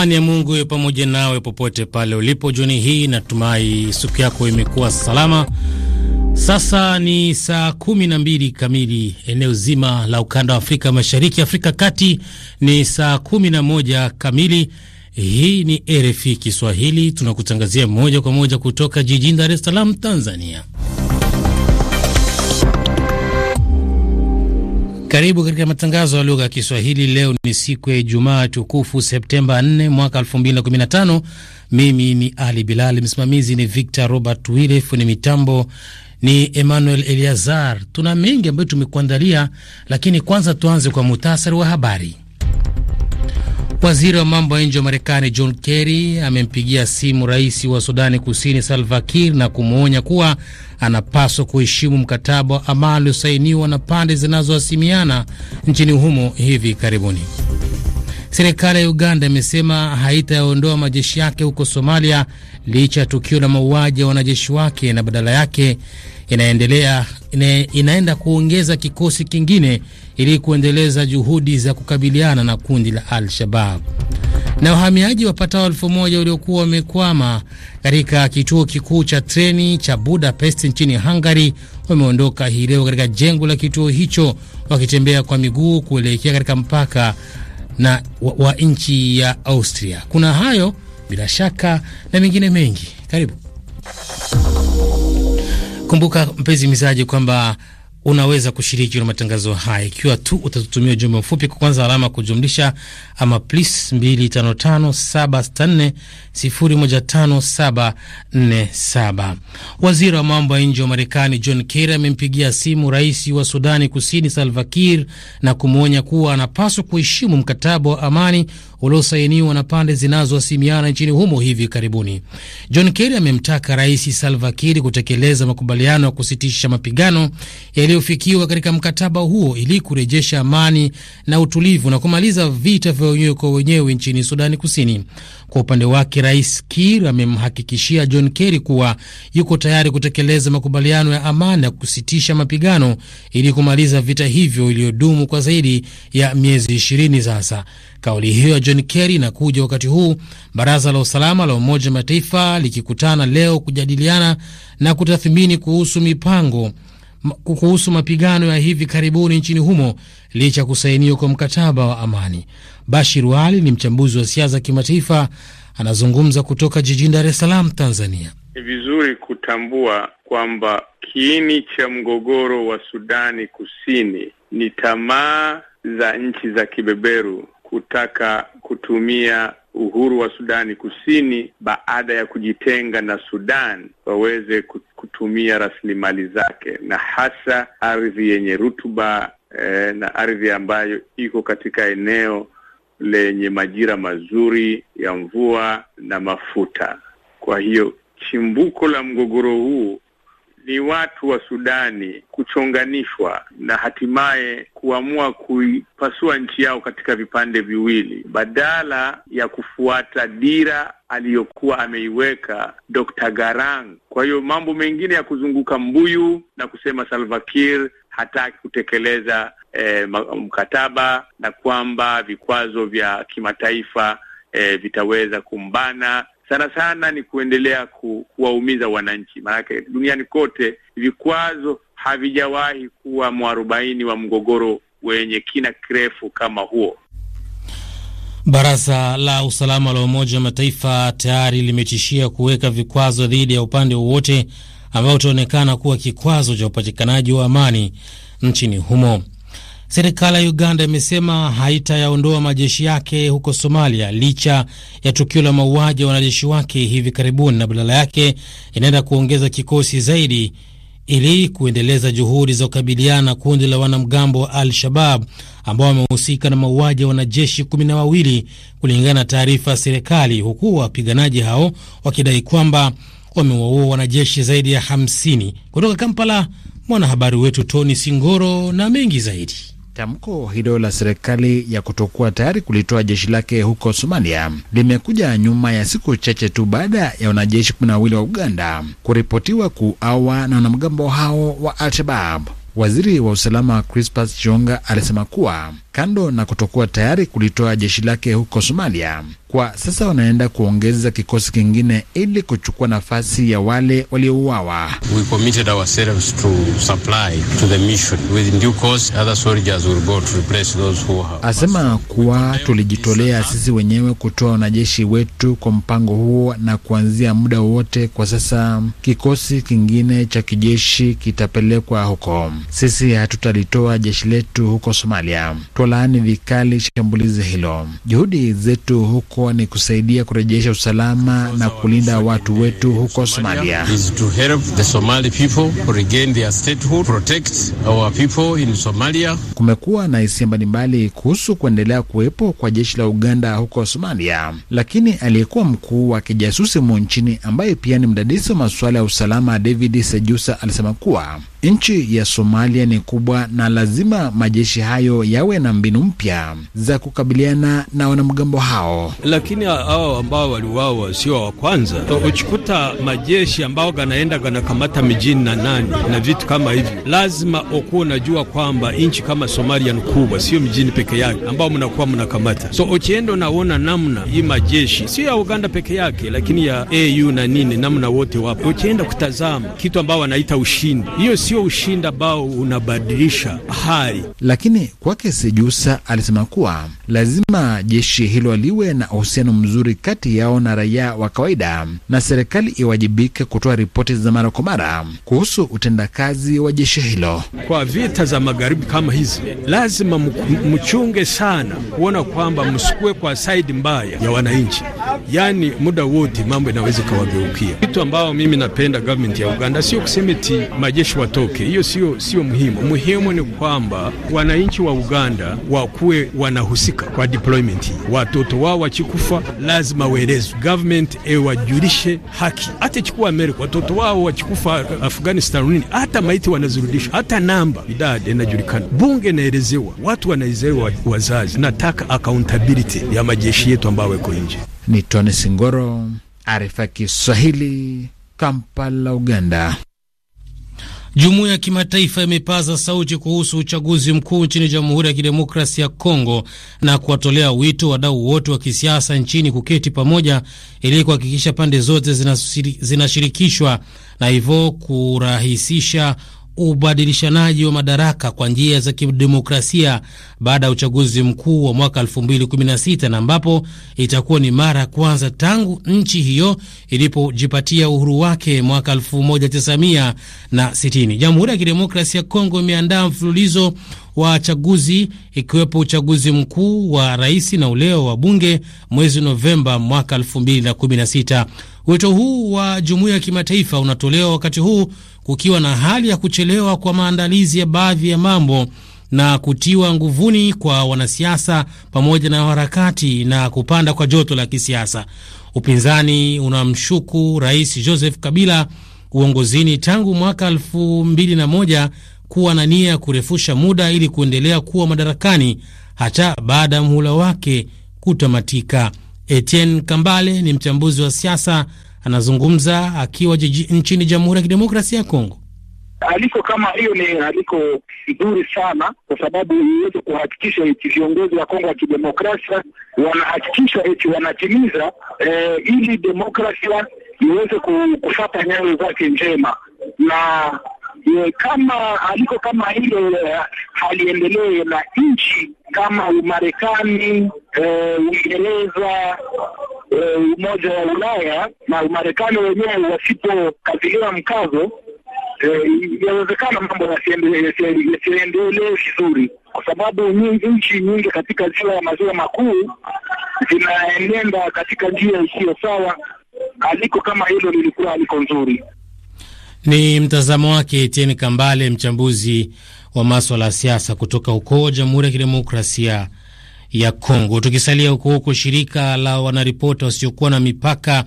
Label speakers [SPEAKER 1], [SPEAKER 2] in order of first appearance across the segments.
[SPEAKER 1] Amani ya Mungu iwe pamoja nawe popote pale ulipo jioni hii. Natumai siku yako imekuwa salama. Sasa ni saa kumi na mbili kamili eneo zima la ukanda wa Afrika Mashariki, Afrika Kati ni saa kumi na moja kamili. Hii ni RFI Kiswahili, tunakutangazia moja kwa moja kutoka jijini Dar es Salaam, Tanzania. Karibu katika matangazo ya lugha ya Kiswahili. Leo ni siku ya Ijumaa tukufu Septemba 4 mwaka 2015. Mimi ni Ali Bilal, msimamizi ni Victor Robert wille fundi mitambo ni Emmanuel Eliazar. Tuna mengi ambayo tumekuandalia, lakini kwanza tuanze kwa muhtasari wa habari. Waziri wa mambo ya nje wa Marekani John Kerry amempigia simu rais wa Sudani Kusini Salva Kiir na kumwonya kuwa anapaswa kuheshimu mkataba wa amani uliosainiwa na pande zinazohasimiana nchini humo hivi karibuni. Serikali ya Uganda imesema haitayaondoa majeshi yake huko Somalia licha ya tukio la mauaji ya wanajeshi wake na badala yake inaendelea ina, inaenda kuongeza kikosi kingine ili kuendeleza juhudi za kukabiliana na kundi la Al-Shabab. Na wahamiaji wapatao elfu moja waliokuwa wamekwama katika kituo kikuu cha treni cha Budapest nchini Hungary wameondoka hii leo katika jengo la kituo hicho wakitembea kwa miguu kuelekea katika mpaka na wa, wa nchi ya Austria. Kuna hayo bila shaka na mengine mengi. Karibu Kumbuka mpenzi mizaji kwamba unaweza kushiriki na matangazo haya ikiwa tu utatutumia ujumbe mfupi kwa kwanza alama kujumlisha ama plus 255764015747. Waziri wa mambo ya nje wa Marekani John Kerry amempigia simu rais wa Sudani Kusini Salva Kiir na kumwonya kuwa anapaswa kuheshimu mkataba wa amani uliosainiwa na pande zinazohasimiana nchini humo hivi karibuni. John Kerry amemtaka Rais Salva Kiir kutekeleza makubaliano ya kusitisha mapigano yaliyofikiwa katika mkataba huo ili kurejesha amani na utulivu na kumaliza vita vya wenyewe kwa wenyewe nchini Sudani Kusini. Kwa upande wake, Rais Kiir amemhakikishia John Kerry kuwa yuko tayari kutekeleza makubaliano ya amani ya kusitisha mapigano ili kumaliza vita hivyo iliyodumu kwa zaidi ya miezi ishirini sasa. Kauli hiyo ya John Kerry inakuja wakati huu baraza la usalama la Umoja wa Mataifa likikutana leo kujadiliana na kutathmini kuhusu mipango kuhusu mapigano ya hivi karibuni nchini humo licha ya kusainiwa kwa mkataba wa amani. Bashir Wali ni mchambuzi wa siasa kimataifa, anazungumza kutoka jijini Dar es Salaam, Tanzania.
[SPEAKER 2] Ni vizuri kutambua kwamba kiini cha mgogoro wa Sudani Kusini ni tamaa za nchi za kibeberu kutaka kutumia uhuru wa Sudani Kusini baada ya kujitenga na Sudan waweze kutumia rasilimali zake na hasa ardhi yenye rutuba eh, na ardhi ambayo iko katika eneo lenye majira mazuri ya mvua na mafuta. Kwa hiyo chimbuko la mgogoro huu ni watu wa Sudani kuchonganishwa na hatimaye kuamua kuipasua nchi yao katika vipande viwili badala ya kufuata dira aliyokuwa ameiweka Dr. Garang. Kwa hiyo mambo mengine ya kuzunguka mbuyu na kusema Salva Kiir hataki kutekeleza eh, mkataba na kwamba vikwazo vya kimataifa eh, vitaweza kumbana sana sana ni kuendelea ku, kuwaumiza wananchi, maanake duniani kote vikwazo havijawahi kuwa mwarobaini wa mgogoro wenye kina kirefu kama huo.
[SPEAKER 1] Baraza la usalama la Umoja wa Mataifa tayari limetishia kuweka vikwazo dhidi ya upande wowote ambao utaonekana kuwa kikwazo cha upatikanaji wa amani nchini humo. Serikali ya Uganda imesema haitayaondoa majeshi yake huko Somalia licha ya tukio la mauaji ya wanajeshi wake hivi karibuni, na badala yake inaenda kuongeza kikosi zaidi ili kuendeleza juhudi za kukabiliana na kundi la wanamgambo wa Al-Shabab ambao wamehusika na mauaji ya wanajeshi kumi na wawili kulingana na taarifa ya serikali, huku wapiganaji hao wakidai kwamba wamewaua wanajeshi zaidi ya 50 kutoka Kampala. Mwanahabari wetu Tony Singoro na mengi zaidi. Tamko
[SPEAKER 3] hilo la serikali ya kutokuwa tayari kulitoa jeshi lake huko Somalia limekuja nyuma ya siku chache tu baada ya wanajeshi kumi na wawili wa Uganda kuripotiwa kuawa na wanamgambo hao wa Al-Shabab. Waziri wa usalama Crispas Chionga alisema kuwa kando na kutokuwa tayari kulitoa jeshi lake huko Somalia. Kwa sasa wanaenda kuongeza kikosi kingine ili kuchukua nafasi ya wale waliouawa. Asema kuwa tulijitolea sisi wenyewe kutoa wanajeshi wetu kwa mpango huo, na kuanzia muda wowote kwa sasa kikosi kingine cha kijeshi kitapelekwa huko. Sisi hatutalitoa jeshi letu huko Somalia kolaani vikali shambulizi hilo. Juhudi zetu huko ni kusaidia kurejesha usalama na kulinda watu wetu huko Somalia. Somalia. Kumekuwa na hisia mbalimbali kuhusu kuendelea kuwepo kwa jeshi la Uganda huko Somalia, lakini aliyekuwa mkuu wa kijasusi mu nchini ambaye pia ni mdadisi wa masuala ya usalama David Sejusa alisema kuwa Nchi ya Somalia ni kubwa na lazima majeshi hayo yawe na mbinu mpya za kukabiliana na wanamgambo hao.
[SPEAKER 4] Lakini hao ambao waliuawa sio wa kwanza, ukikuta majeshi ambao ganaenda ganakamata mijini na nani na vitu kama hivyo, lazima ukuwa unajua kwamba nchi kama Somalia ni kubwa, sio mijini peke yake ambao mnakuwa mnakamata. So ukienda unaona namna hii majeshi sio ya Uganda peke yake, lakini ya AU na nini, namna wote wapo, ukienda kutazama kitu ambao wanaita ushindi hiyo sio ushinda ambao unabadilisha hali. Lakini kwake
[SPEAKER 3] Sejusa alisema kuwa lazima jeshi hilo liwe na uhusiano mzuri kati yao na raia wa kawaida, na serikali iwajibike kutoa ripoti za mara kwa mara kuhusu utendakazi wa jeshi hilo.
[SPEAKER 4] Kwa vita za magharibi kama hizi, lazima mchunge sana kuona kwamba msikue kwa saidi mbaya ya wananchi, yaani muda wote mambo inaweza kawageukia. kitu ambao mimi napenda government ya Uganda sio kusema eti majeshi watoe watoke. Hiyo sio sio muhimu. Muhimu ni kwamba wananchi wa Uganda wakuwe wanahusika kwa deployment hii. Watoto wao wachikufa, lazima waelezwe, government ewajulishe eh, haki. Hata chukua Amerika, watoto wao wachikufa Afghanistan nini, hata maiti wanazirudishwa, hata namba idadi inajulikana, bunge naelezewa, watu wanaelezewa, wazazi. Nataka accountability ya majeshi yetu ambao weko nje. Ni Tony Singoro, Arifa Kiswahili, Kampala, Uganda.
[SPEAKER 1] Jumuiya ya kimataifa imepaza sauti kuhusu uchaguzi mkuu nchini Jamhuri ya Kidemokrasia ya Kongo na kuwatolea wito wadau wote wa kisiasa nchini kuketi pamoja ili kuhakikisha pande zote zinashirikishwa na hivyo kurahisisha ubadilishanaji wa madaraka kwa njia za kidemokrasia baada ya uchaguzi mkuu wa mwaka 2016 na ambapo itakuwa ni mara kwanza tangu nchi hiyo ilipojipatia uhuru wake mwaka 1960. Jamhuri ya Kidemokrasia ya Kongo imeandaa mfululizo wa chaguzi ikiwepo uchaguzi mkuu wa rais na uleo wa bunge mwezi Novemba mwaka 2016. Wito huu wa jumuiya ya kimataifa unatolewa wakati huu kukiwa na hali ya kuchelewa kwa maandalizi ya baadhi ya mambo na kutiwa nguvuni kwa wanasiasa pamoja na harakati na kupanda kwa joto la kisiasa. Upinzani unamshuku Rais Joseph Kabila uongozini tangu mwaka moja kuwa na nia ya kurefusha muda ili kuendelea kuwa madarakani hata baada ya muhula wake kutamatika. Etienne Kambale ni mchambuzi wa siasa Anazungumza akiwa nchini Jamhuri ya Kidemokrasia ya Kongo.
[SPEAKER 5] Aliko kama hiyo ni aliko nzuri sana, kwa sababu iweze
[SPEAKER 6] kuhakikisha eti viongozi wa Kongo ya kidemokrasia wanahakikisha eti wanatimiza e, ili demokrasia iweze kufata nyayo zake njema na e, kama aliko kama hilo eh, haliendelee na nchi kama Umarekani, Uingereza e, Umoja wa Ulaya na Marekani wenyewe wasipokaziliwa mkazo eh, yawezekana mambo yasiendelee vizuri, kwa sababu nchi nyingi katika ziwa ya maziwa makuu zinaenenda katika njia
[SPEAKER 2] isiyo sawa, aliko kama hilo lilikuwa aliko nzuri.
[SPEAKER 1] Ni mtazamo wake Etienne Kambale, mchambuzi wa maswala ya siasa kutoka huko Jamhuri ya Kidemokrasia ya Kongo. Tukisalia huko huko, shirika la wanaripota wasiokuwa na mipaka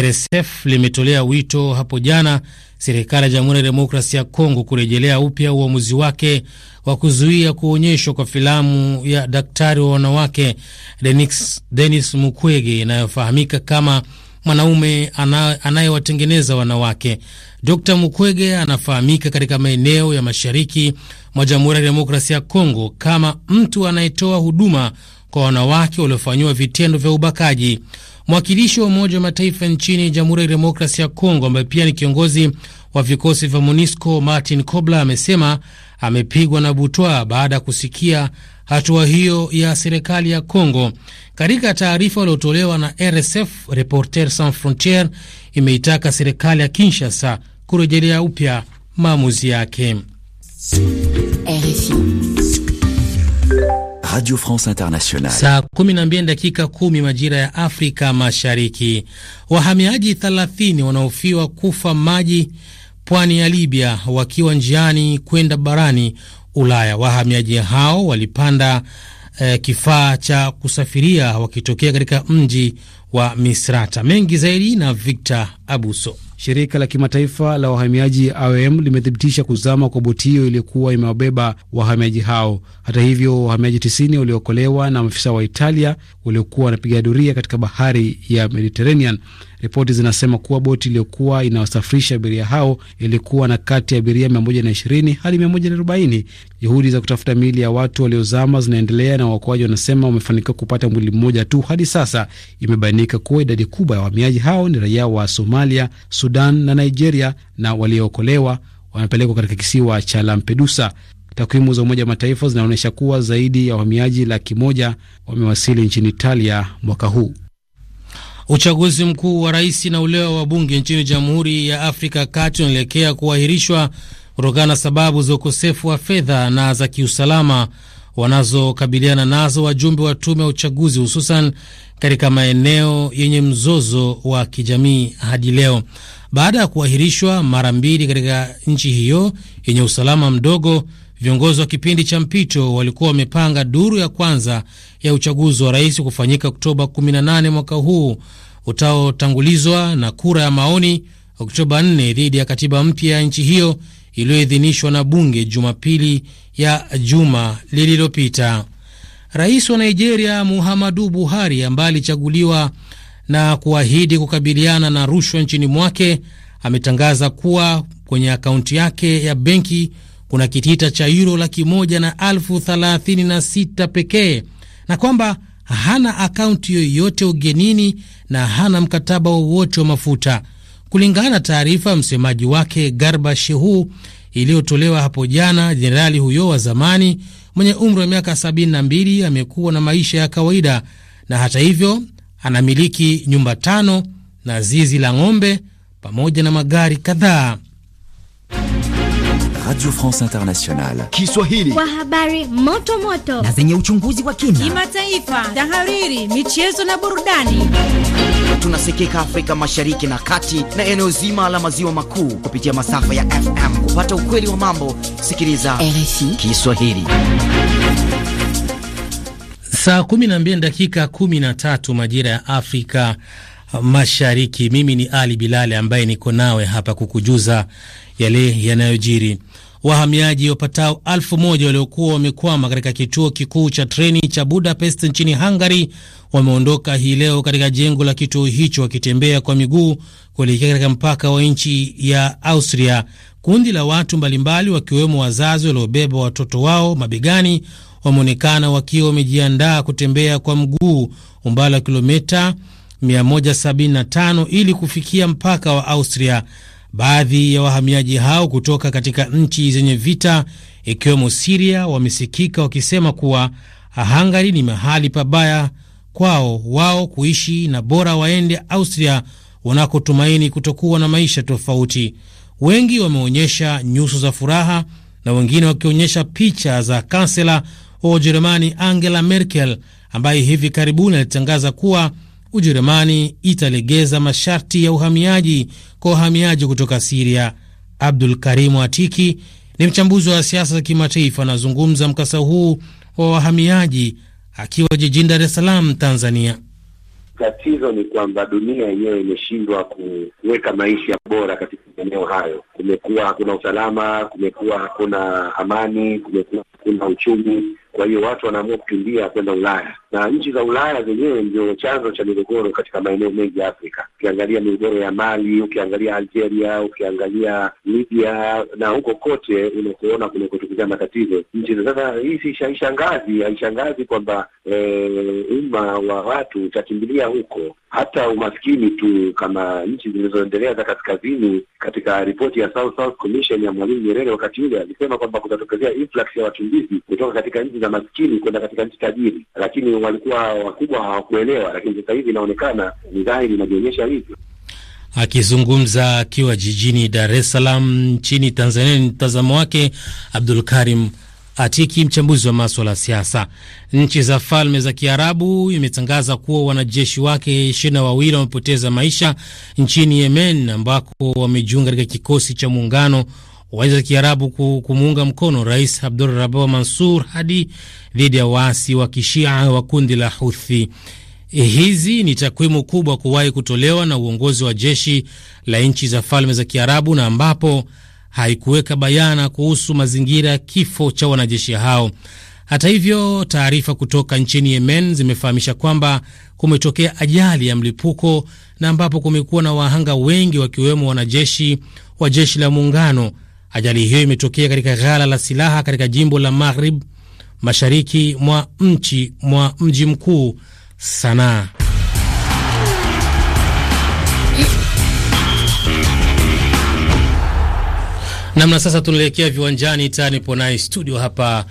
[SPEAKER 1] RSF limetolea wito hapo jana serikali ya Jamhuri ya Demokrasia ya Kongo kurejelea upya uamuzi wake wa kuzuia kuonyeshwa kwa filamu ya daktari wa wanawake Denis, Denis Mukwege inayofahamika kama mwanaume anayewatengeneza wanawake. Dr Mukwege anafahamika katika maeneo ya mashariki mwa Jamhuri ya demokrasi ya Kongo kama mtu anayetoa huduma kwa wanawake waliofanyiwa vitendo vya ubakaji. Mwakilishi wa Umoja wa Mataifa nchini Jamhuri ya demokrasi ya Kongo ambaye pia ni kiongozi wa vikosi vya MONUSCO Martin Kobler amesema amepigwa na butwa baada ya kusikia hatua hiyo ya serikali ya Kongo. Katika taarifa iliyotolewa na RSF, reporter Sans frontiere imeitaka serikali ya Kinshasa kurejelea upya maamuzi yake. RFI
[SPEAKER 4] Radio France Internationale. Saa
[SPEAKER 1] 12 dakika kumi majira ya Afrika Mashariki. Wahamiaji 30 wanaofiwa kufa maji pwani ya Libya wakiwa njiani kwenda barani Ulaya. Wahamiaji hao walipanda eh, kifaa cha kusafiria wakitokea katika mji wa Misrata. Mengi zaidi na Victor Abuso.
[SPEAKER 7] Shirika la kimataifa la wahamiaji IOM limethibitisha kuzama kwa boti hiyo iliyokuwa imewabeba wahamiaji hao. Hata hivyo, wahamiaji 90 waliokolewa na maafisa wa Italia waliokuwa wanapiga doria katika bahari ya Mediterranean. Ripoti zinasema kuwa boti iliyokuwa inawasafirisha abiria hao ilikuwa na kati ya abiria 120 hadi 140. Juhudi za kutafuta miili ya watu waliozama zinaendelea na waokoaji wanasema wamefanikiwa kupata mwili mmoja tu hadi sasa. Imebainika kuwa idadi kubwa ya wahamiaji hao ni raia wa Somalia Somalia, Sudan na Nigeria, na waliookolewa wamepelekwa katika kisiwa cha Lampedusa. Takwimu za Umoja wa Mataifa zinaonyesha kuwa zaidi
[SPEAKER 1] ya wahamiaji laki moja wamewasili nchini Italia mwaka huu. Uchaguzi mkuu wa rais na ule wa bunge nchini Jamhuri ya Afrika ya Kati unaelekea kuahirishwa kutokana na sababu za ukosefu wa fedha na za kiusalama wanazokabiliana nazo wajumbe wa tume ya uchaguzi, hususan katika maeneo yenye mzozo wa kijamii hadi leo baada ya kuahirishwa mara mbili katika nchi hiyo yenye usalama mdogo. Viongozi wa kipindi cha mpito walikuwa wamepanga duru ya kwanza ya uchaguzi wa rais kufanyika Oktoba 18 mwaka huu utaotangulizwa na kura ya maoni Oktoba 4 dhidi ya katiba mpya ya nchi hiyo iliyoidhinishwa na bunge Jumapili ya juma lililopita. Rais wa Nigeria Muhammadu Buhari ambaye alichaguliwa na kuahidi kukabiliana na rushwa nchini mwake ametangaza kuwa kwenye akaunti yake ya benki kuna kitita cha yuro laki moja na elfu thelathini na sita pekee na kwamba hana akaunti yoyote ugenini na hana mkataba wowote wa mafuta. Kulingana na taarifa ya msemaji wake Garba Shehu iliyotolewa hapo jana, jenerali huyo wa zamani mwenye umri wa miaka 72 amekuwa na maisha ya kawaida, na hata hivyo anamiliki nyumba tano na zizi la ng'ombe pamoja na magari kadhaa.
[SPEAKER 4] Radio France Internationale
[SPEAKER 1] Kiswahili
[SPEAKER 8] kwa habari moto moto na
[SPEAKER 9] zenye
[SPEAKER 10] uchunguzi wa kina,
[SPEAKER 8] kimataifa, tahariri, michezo na burudani.
[SPEAKER 10] Tunasikika Afrika Mashariki na Kati na eneo zima la maziwa makuu kupitia masafa ya FM.
[SPEAKER 8] Kupata ukweli wa mambo, sikiliza RFI
[SPEAKER 1] Kiswahili. Saa 12 dakika 13 majira ya Afrika Mashariki. Mimi ni Ali Bilali ambaye niko nawe hapa kukujuza yale yanayojiri wahamiaji wapatao elfu moja waliokuwa wamekwama katika kituo kikuu cha treni cha Budapest nchini Hungary wameondoka hii leo katika jengo la kituo hicho wakitembea kwa miguu kuelekea katika mpaka wa nchi ya Austria. Kundi la watu mbalimbali wakiwemo wazazi waliobeba watoto wao mabegani wameonekana wakiwa wamejiandaa kutembea kwa mguu umbali wa kilomita 175 ili kufikia mpaka wa Austria. Baadhi ya wahamiaji hao kutoka katika nchi zenye vita ikiwemo Siria wamesikika wakisema kuwa Hungary ni mahali pabaya kwao wao kuishi na bora waende Austria wanakotumaini kutokuwa na maisha tofauti. Wengi wameonyesha nyuso za furaha na wengine wakionyesha picha za kansela wa Ujerumani Angela Merkel ambaye hivi karibuni alitangaza kuwa Ujerumani italegeza masharti ya uhamiaji kwa wahamiaji kutoka Siria. Abdul Karimu Atiki ni mchambuzi wa siasa za kimataifa, anazungumza mkasa huu wa wahamiaji akiwa jijini Dar es Salaam, Tanzania.
[SPEAKER 2] Tatizo ni kwamba dunia yenyewe imeshindwa kuweka maisha bora katika maeneo hayo kumekuwa hakuna usalama, kumekuwa hakuna amani, kumekuwa hakuna uchumi. Kwa hiyo watu wanaamua kukimbia kwenda Ulaya, na nchi za Ulaya zenyewe ndio chanzo cha migogoro katika maeneo mengi ya Afrika. Ukiangalia migogoro ya Mali, ukiangalia Algeria, ukiangalia Libya, na huko kote unakuona kunakotukia matatizo nchi za sasa. Hii haishangazi, haishangazi kwamba e, umma wa watu utakimbilia huko, hata umaskini tu. Kama nchi zilizoendelea za kaskazini, katika ripoti ya South South Commission ya Mwalimu Nyerere wakati ule alisema kwamba kutatokezea influx ya wakimbizi kutoka katika nchi za maskini kwenda katika nchi tajiri, lakini walikuwa wakubwa hawakuelewa, lakini sasa hivi inaonekana ni dhahiri inajionyesha hivyo.
[SPEAKER 1] Akizungumza akiwa jijini Dar es Salaam nchini Tanzania, ni mtazamo wake Abdul Karim Atiki, mchambuzi wa maswala ya siasa. Nchi za Falme za Kiarabu imetangaza kuwa wanajeshi wake ishirini na wawili wamepoteza maisha nchini Yemen, ambako wamejiunga katika kikosi cha muungano wa nchi za Kiarabu kumuunga mkono Rais Abdul Rabu Mansur Hadi dhidi ya waasi wa kishia wa kundi la Huthi. Hizi ni takwimu kubwa kuwahi kutolewa na uongozi wa jeshi la nchi za Falme za Kiarabu na ambapo haikuweka bayana kuhusu mazingira ya kifo cha wanajeshi hao. Hata hivyo, taarifa kutoka nchini Yemen zimefahamisha kwamba kumetokea ajali ya mlipuko na ambapo kumekuwa na wahanga wengi wakiwemo wanajeshi wa jeshi la muungano. Ajali hiyo imetokea katika ghala la silaha katika jimbo la Maghrib mashariki mwa mchi mwa mji mkuu Sanaa. Namna sasa tunaelekea viwanjani tani ponai studio hapa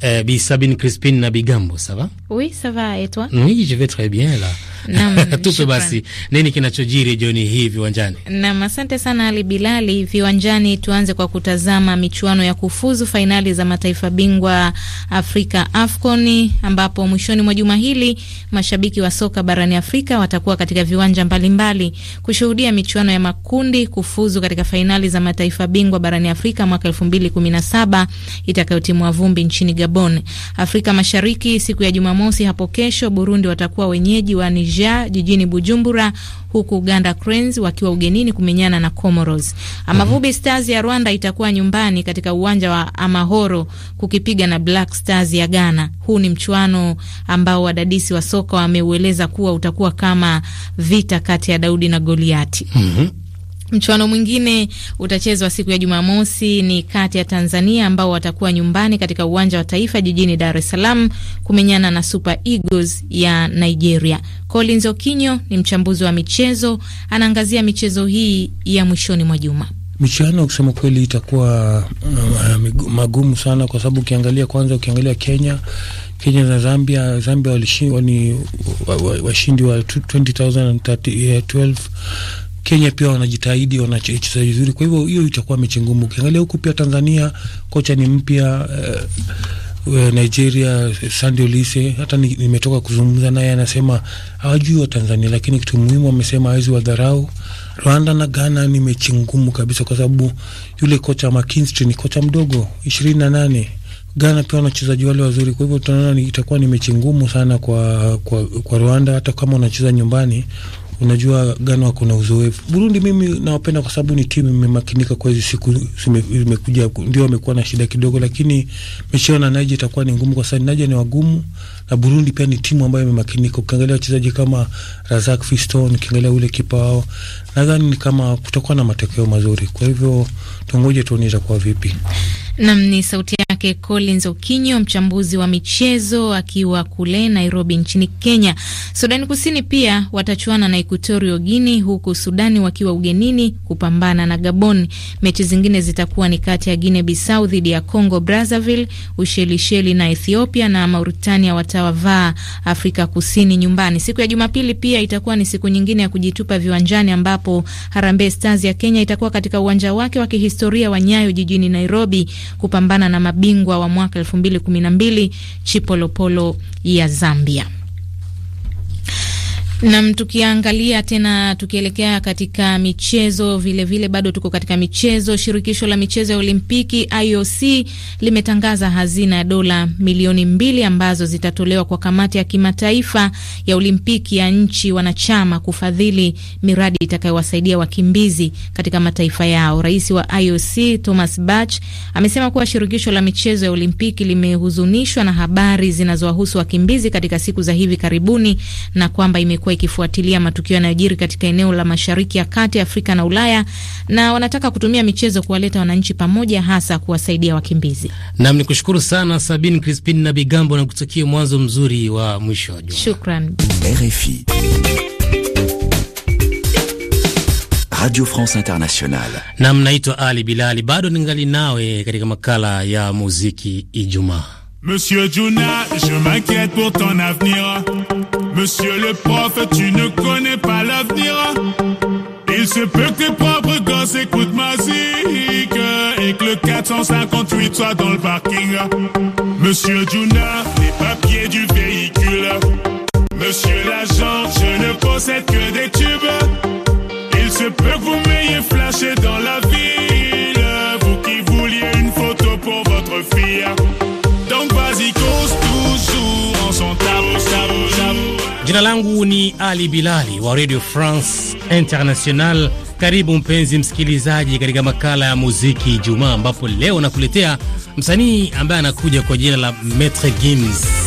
[SPEAKER 1] eh, Bi Sabine Crispin na Bigambo, ça va?
[SPEAKER 10] Oui, ça et toi? Oui,
[SPEAKER 1] je vais très bien là. tupe basi nini kinachojiri jioni hii viwanjani.
[SPEAKER 10] Nam, asante sana Ali Bilali. Viwanjani tuanze kwa kutazama michuano ya kufuzu fainali za mataifa bingwa Afrika AFCON, ambapo mwishoni mwa juma hili mashabiki wa soka barani Afrika watakuwa katika viwanja mbalimbali mbali, kushuhudia michuano ya makundi kufuzu katika fainali za mataifa bingwa barani Afrika mwaka 2017 itakayotimwa vumbi nchini Gabon. Afrika Mashariki siku ya Jumamosi hapo kesho, Burundi watakuwa wenyeji wa Niger jijini Bujumbura, huku Uganda Cranes wakiwa ugenini kumenyana na Comoros. Amavubi mhm. Stars ya Rwanda itakuwa nyumbani katika uwanja wa Amahoro kukipiga na Black Stars ya Ghana. Huu ni mchuano ambao wadadisi wa soka wameueleza kuwa utakuwa kama vita kati ya Daudi na Goliati. mm -hmm. Mchuano mwingine utachezwa siku ya Jumamosi ni kati ya Tanzania ambao watakuwa nyumbani katika uwanja wa taifa jijini Dar es Salaam kumenyana na Super Eagles ya Nigeria. Collins Okinyo ni mchambuzi wa michezo, anaangazia michezo hii ya mwishoni mwa juma.
[SPEAKER 11] Michuano kusema kweli itakuwa uh, magumu sana kwa sababu ukiangalia kwanza, ukiangalia Kenya Kenya na Zambia, Zambia washindi wa, wa, wa 2012 Kenya pia wanajitahidi, wanacheza vizuri, kwa hivyo hiyo itakuwa mechi ngumu. Ukiangalia huku pia Tanzania kocha ni mpya uh, Nigeria Sunday Olise, hata nimetoka ni kuzungumza naye, anasema hawajui wa Tanzania, lakini kitu muhimu amesema hawezi wadharau. Rwanda na Ghana ni mechi ngumu kabisa, kwa sababu yule kocha McKinstry ni kocha mdogo ishirini na nane. Ghana pia wanachezaji wale wazuri, kwa hivyo tunaona itakuwa ni mechi ngumu sana kwa, kwa, kwa Rwanda hata kama wanacheza nyumbani unajua Ghana wako na uzoefu. Burundi mimi nawapenda kwa sababu ni timu imemakinika kwa hizi siku zimekuja, ndio wamekuwa na shida kidogo, lakini mechi na Niger itakuwa ni ngumu kwa sababu Niger ni wagumu, na Burundi pia ni timu ambayo imemakinika. Ukiangalia wachezaji kama Razak Fiston, ukiangalia ule kipa wao nadhani ni kama kutakuwa na matokeo mazuri. Kwa hivyo tungoje tuone itakuwa vipi.
[SPEAKER 10] Nam ni sauti yake Collins Okinyo, mchambuzi wa michezo akiwa kule Nairobi nchini Kenya. Sudani Kusini pia watachuana na Equatorial Guini, huku Sudani wakiwa ugenini kupambana na Gabon. Mechi zingine zitakuwa ni kati ya Guine Bisau dhidi ya Congo Brazzaville, Ushelisheli na Ethiopia, na Mauritania watawavaa Afrika Kusini nyumbani. Siku ya Jumapili pia itakuwa ni siku nyingine ya kujitupa viwanjani ambapo ambapo Harambee Stars ya Kenya itakuwa katika uwanja wake wa kihistoria wa Nyayo jijini Nairobi kupambana na mabingwa wa mwaka 2012 Chipolopolo ya Zambia. Nam, tukiangalia tena, tukielekea katika michezo vilevile vile, bado tuko katika michezo. Shirikisho la michezo ya Olimpiki IOC limetangaza hazina ya dola milioni mbili ambazo zitatolewa kwa kamati ya kimataifa ya Olimpiki ya nchi wanachama kufadhili miradi itakayowasaidia wakimbizi katika mataifa yao. Rais wa IOC Thomas Bach amesema kuwa shirikisho la michezo ya Olimpiki limehuzunishwa na habari zinazowahusu wakimbizi katika siku za hivi karibuni na kwamba imekuwa imekuwa ikifuatilia matukio yanayojiri katika eneo la Mashariki ya Kati, Afrika na Ulaya, na wanataka kutumia michezo kuwaleta wananchi pamoja, hasa kuwasaidia wakimbizi.
[SPEAKER 1] Nam ni kushukuru sana Sabin Crispin na Bigambo na kutakia mwanzo mzuri wa mwisho wa
[SPEAKER 10] juma. Shukran.
[SPEAKER 1] RFI Radio France Internationale. Nam, naitwa Ali Bilali, bado ningali nawe katika makala ya muziki Ijumaa. Monsieur Juna, je m'inquiète
[SPEAKER 9] pour ton avenir Monsieur le prof, tu ne connais pas l'avenir. Il se peut que tes propres gosses écoutent ma musique et que le 458 soit dans le parking. Monsieur Juna, les papiers du véhicule. Monsieur l'agent, je ne possède que des tubes. Il se peut que vous m'ayez flashé
[SPEAKER 1] Jina langu ni Ali Bilali wa Radio France International. Karibu mpenzi msikilizaji, katika makala ya muziki Ijumaa, ambapo leo nakuletea msanii ambaye anakuja kwa jina la Maitre Gims.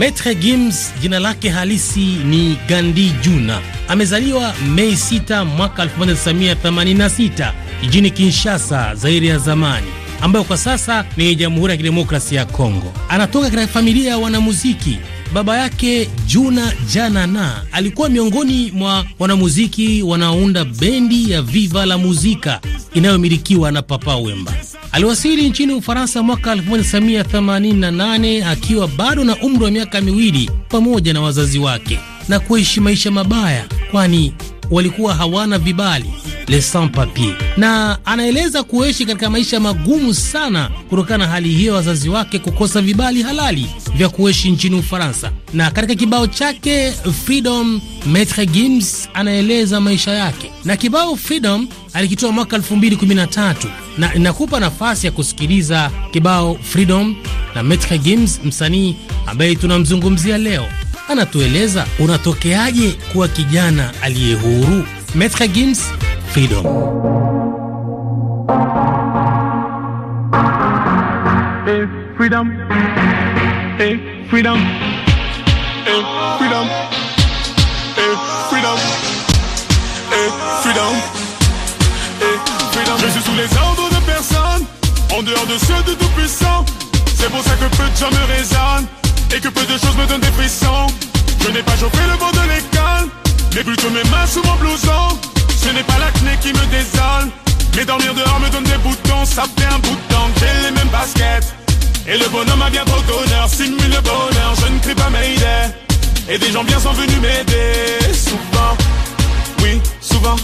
[SPEAKER 1] Metre Gims jina lake halisi ni Gandhi Juna. Amezaliwa Mei 6 mwaka 1986 jijini Kinshasa, Zairi ya zamani ambayo kwa sasa ni Jamhuri ya Kidemokrasia ya Kongo. Anatoka katika familia ya wanamuziki baba yake Juna Janana alikuwa miongoni mwa wanamuziki wanaounda bendi ya Viva la Muzika inayomilikiwa na Papa Wemba. Aliwasili nchini Ufaransa mwaka 1988 akiwa bado na umri wa miaka miwili pamoja na wazazi wake na kuishi maisha mabaya, kwani walikuwa hawana vibali les sans papier, na anaeleza kuishi katika maisha magumu sana kutokana na hali hiyo, wazazi wake kukosa vibali halali vya kuishi nchini Ufaransa. Na katika kibao chake Freedom, Maitre Gims anaeleza maisha yake, na kibao Freedom alikitoa mwaka 2013 na inakupa nafasi ya kusikiliza kibao Freedom na Maitre Gims, msanii ambaye tunamzungumzia leo. anatueleza unatokeaje kuwa kijana aliye huru. Metre Gims, Freedom.
[SPEAKER 9] Eh, freedom. Eh, freedom. Eh, freedom. freedom. freedom. Je suis sous les ordres de personne, en dehors de ceux de tout puissant. C'est pour ça que peu de gens me raisonnent. Et que peu de choses me donnent des frissons Je n'ai pas chauffé le banc de l'école Mais plutôt mes mains sous mon blouson Ce n'est pas l'acné qui me désole Mais dormir dehors me donne des boutons Ça fait un bout de que j'ai les mêmes baskets Et le bonhomme a bien trop d'honneur Simule le bonheur, je ne crie pas idées Et des gens bien sont venus m'aider Souvent, oui, souvent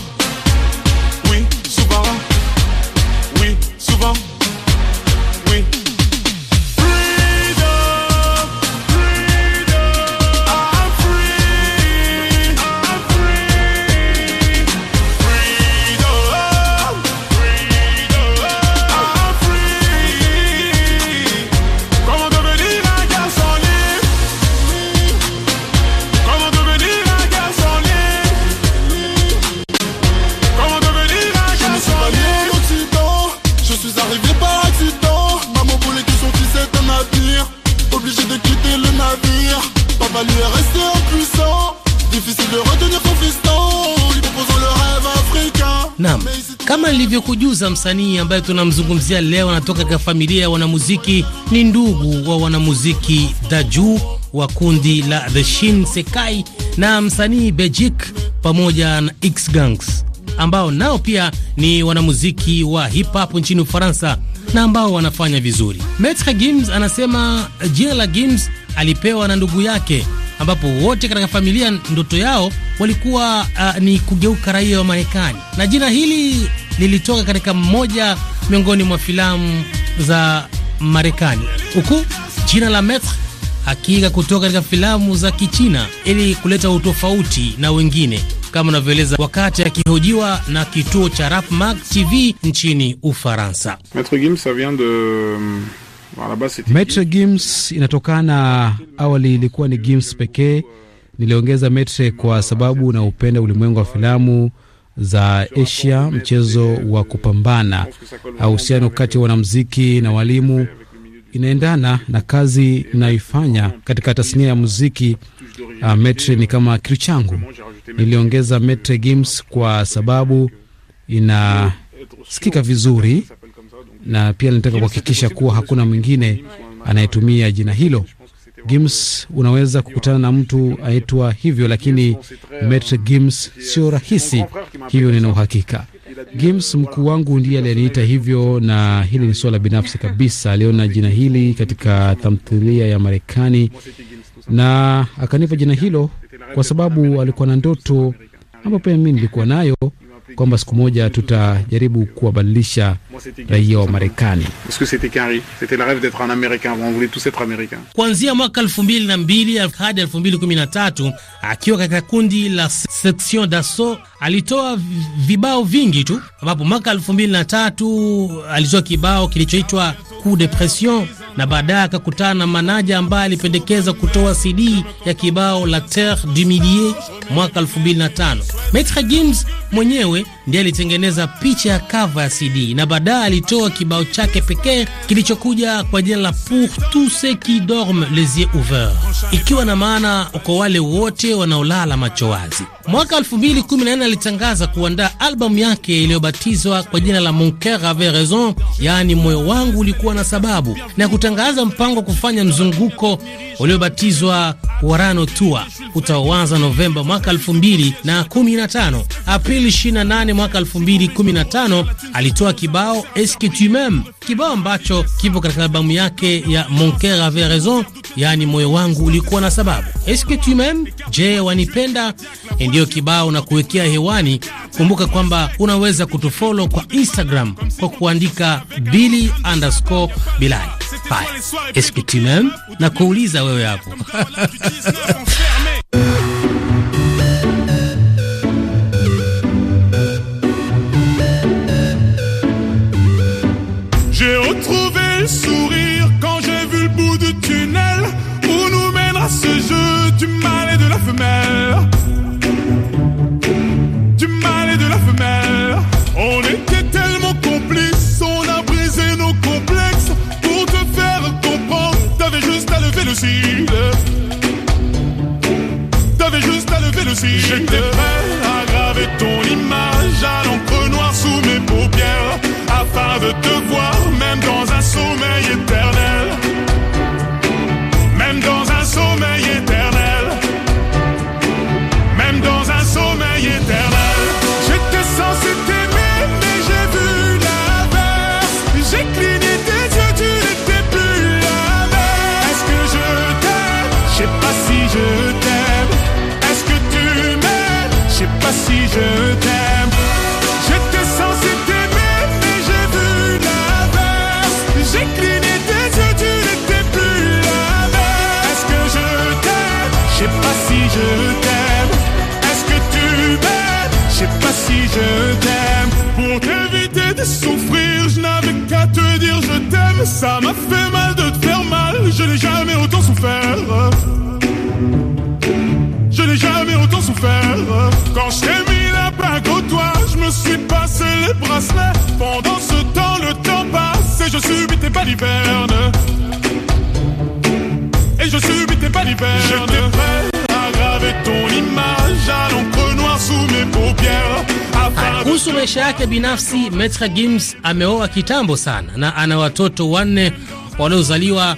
[SPEAKER 1] Kama nilivyokujuza, msanii ambaye tunamzungumzia leo anatoka katika familia ya wanamuziki, ni ndugu wa wanamuziki Daju wa kundi la The Shin Sekai na msanii Bejik pamoja na X Gangs ambao nao pia ni wanamuziki wa hip hop nchini Ufaransa na ambao wanafanya vizuri. Metre Gims anasema jina la Gims alipewa na ndugu yake, ambapo wote katika familia ndoto yao walikuwa uh, ni kugeuka raia wa Marekani na jina hili lilitoka katika mmoja miongoni mwa filamu za Marekani, huku jina la Metre akiiga kutoka katika filamu za Kichina ili kuleta utofauti na wengine, kama unavyoeleza wakati akihojiwa na kituo cha Rap Mag TV nchini Ufaransa.
[SPEAKER 7] Metre euh, Gims inatokana, awali ilikuwa ni Gims pekee, niliongeza metre kwa sababu naupenda ulimwengu wa filamu za Asia, mchezo wa kupambana. Uhusiano kati ya wanamuziki na walimu inaendana na kazi inayoifanya katika tasnia ya muziki. Uh, metre ni kama kitu changu. Niliongeza metre games kwa sababu inasikika vizuri, na pia nataka kuhakikisha kuwa hakuna mwingine anayetumia jina hilo. Gims unaweza kukutana na mtu aitwa hivyo, lakini Maitre Gims sio rahisi hivyo, nina uhakika. Gims mkuu wangu ndiye aliyeniita hivyo, na hili ni suala binafsi kabisa. Aliona jina hili katika tamthilia ya Marekani na akanipa jina hilo kwa sababu alikuwa na ndoto ambayo pia mimi nilikuwa nayo kwamba siku moja tutajaribu kuwabadilisha raia wa Marekani.
[SPEAKER 1] Kuanzia mwaka elfu mbili na mbili hadi elfu mbili kumi na tatu akiwa katika kundi la Section Dasso alitoa vibao vingi tu, ambapo mwaka elfu mbili na tatu alitoa kibao kilichoitwa Coup de Pression na baadaye akakutana na manaja ambaye alipendekeza kutoa CD ya kibao La Terre du Milieu mwaka 2005. Maitre Gims mwenyewe ndiye alitengeneza picha ya kava ya CD na baadaye alitoa kibao chake pekee kilichokuja kwa jina la Pour tous ceux qui dorment les yeux ouverts, ikiwa na maana kwa wale wote wanaolala macho wazi. Mwaka 2014 alitangaza kuandaa albamu yake iliyobatizwa kwa jina la Mon Coeur Avait Raison, yaani moyo wangu ulikuwa na sababu, na kutangaza mpango wa kufanya mzunguko uliobatizwa Warano Tour utaoanza Novemba mwaka 2015. Aprili 28 mwaka 2015 alitoa kibao que tu m'aimes, kibao ambacho kipo katika albamu yake ya Mon coeur avait raison, yaani moyo wangu ulikuwa na sababu. que tu m'aimes, je, wanipenda? E, Ndiyo kibao na kuwekea hewani. Kumbuka kwamba unaweza kutufollow kwa Instagram kwa kuandika Billy underscore Est-ce que tu m'aimes, na kuuliza wewe hapo
[SPEAKER 9] sourire quand j'ai vu le bout du tunnel où nous mènera ce jeu du mal et de la femelle. Du mal et de la femelle. On était tellement complices, on a brisé nos complexes pour te faire comprendre. T'avais juste à lever le cil. T'avais juste à lever le cil. J'étais prêt à graver ton image à l'encre noire sous mes paupières afin de te Ça m'a fait mal de te faire mal, je n'ai jamais autant souffert. Je n'ai jamais autant souffert. Quand j'ai mis la bague au toit, je me suis passé les bracelets. Pendant ce temps, le temps passe et je subis tes balivernes. Et je subis tes balivernes. J'étais prêt à ton image à l'encre noire sous mes paupières.
[SPEAKER 1] Kuhusu maisha yake binafsi, Metra Gims ameoa kitambo sana na ana watoto wanne waliozaliwa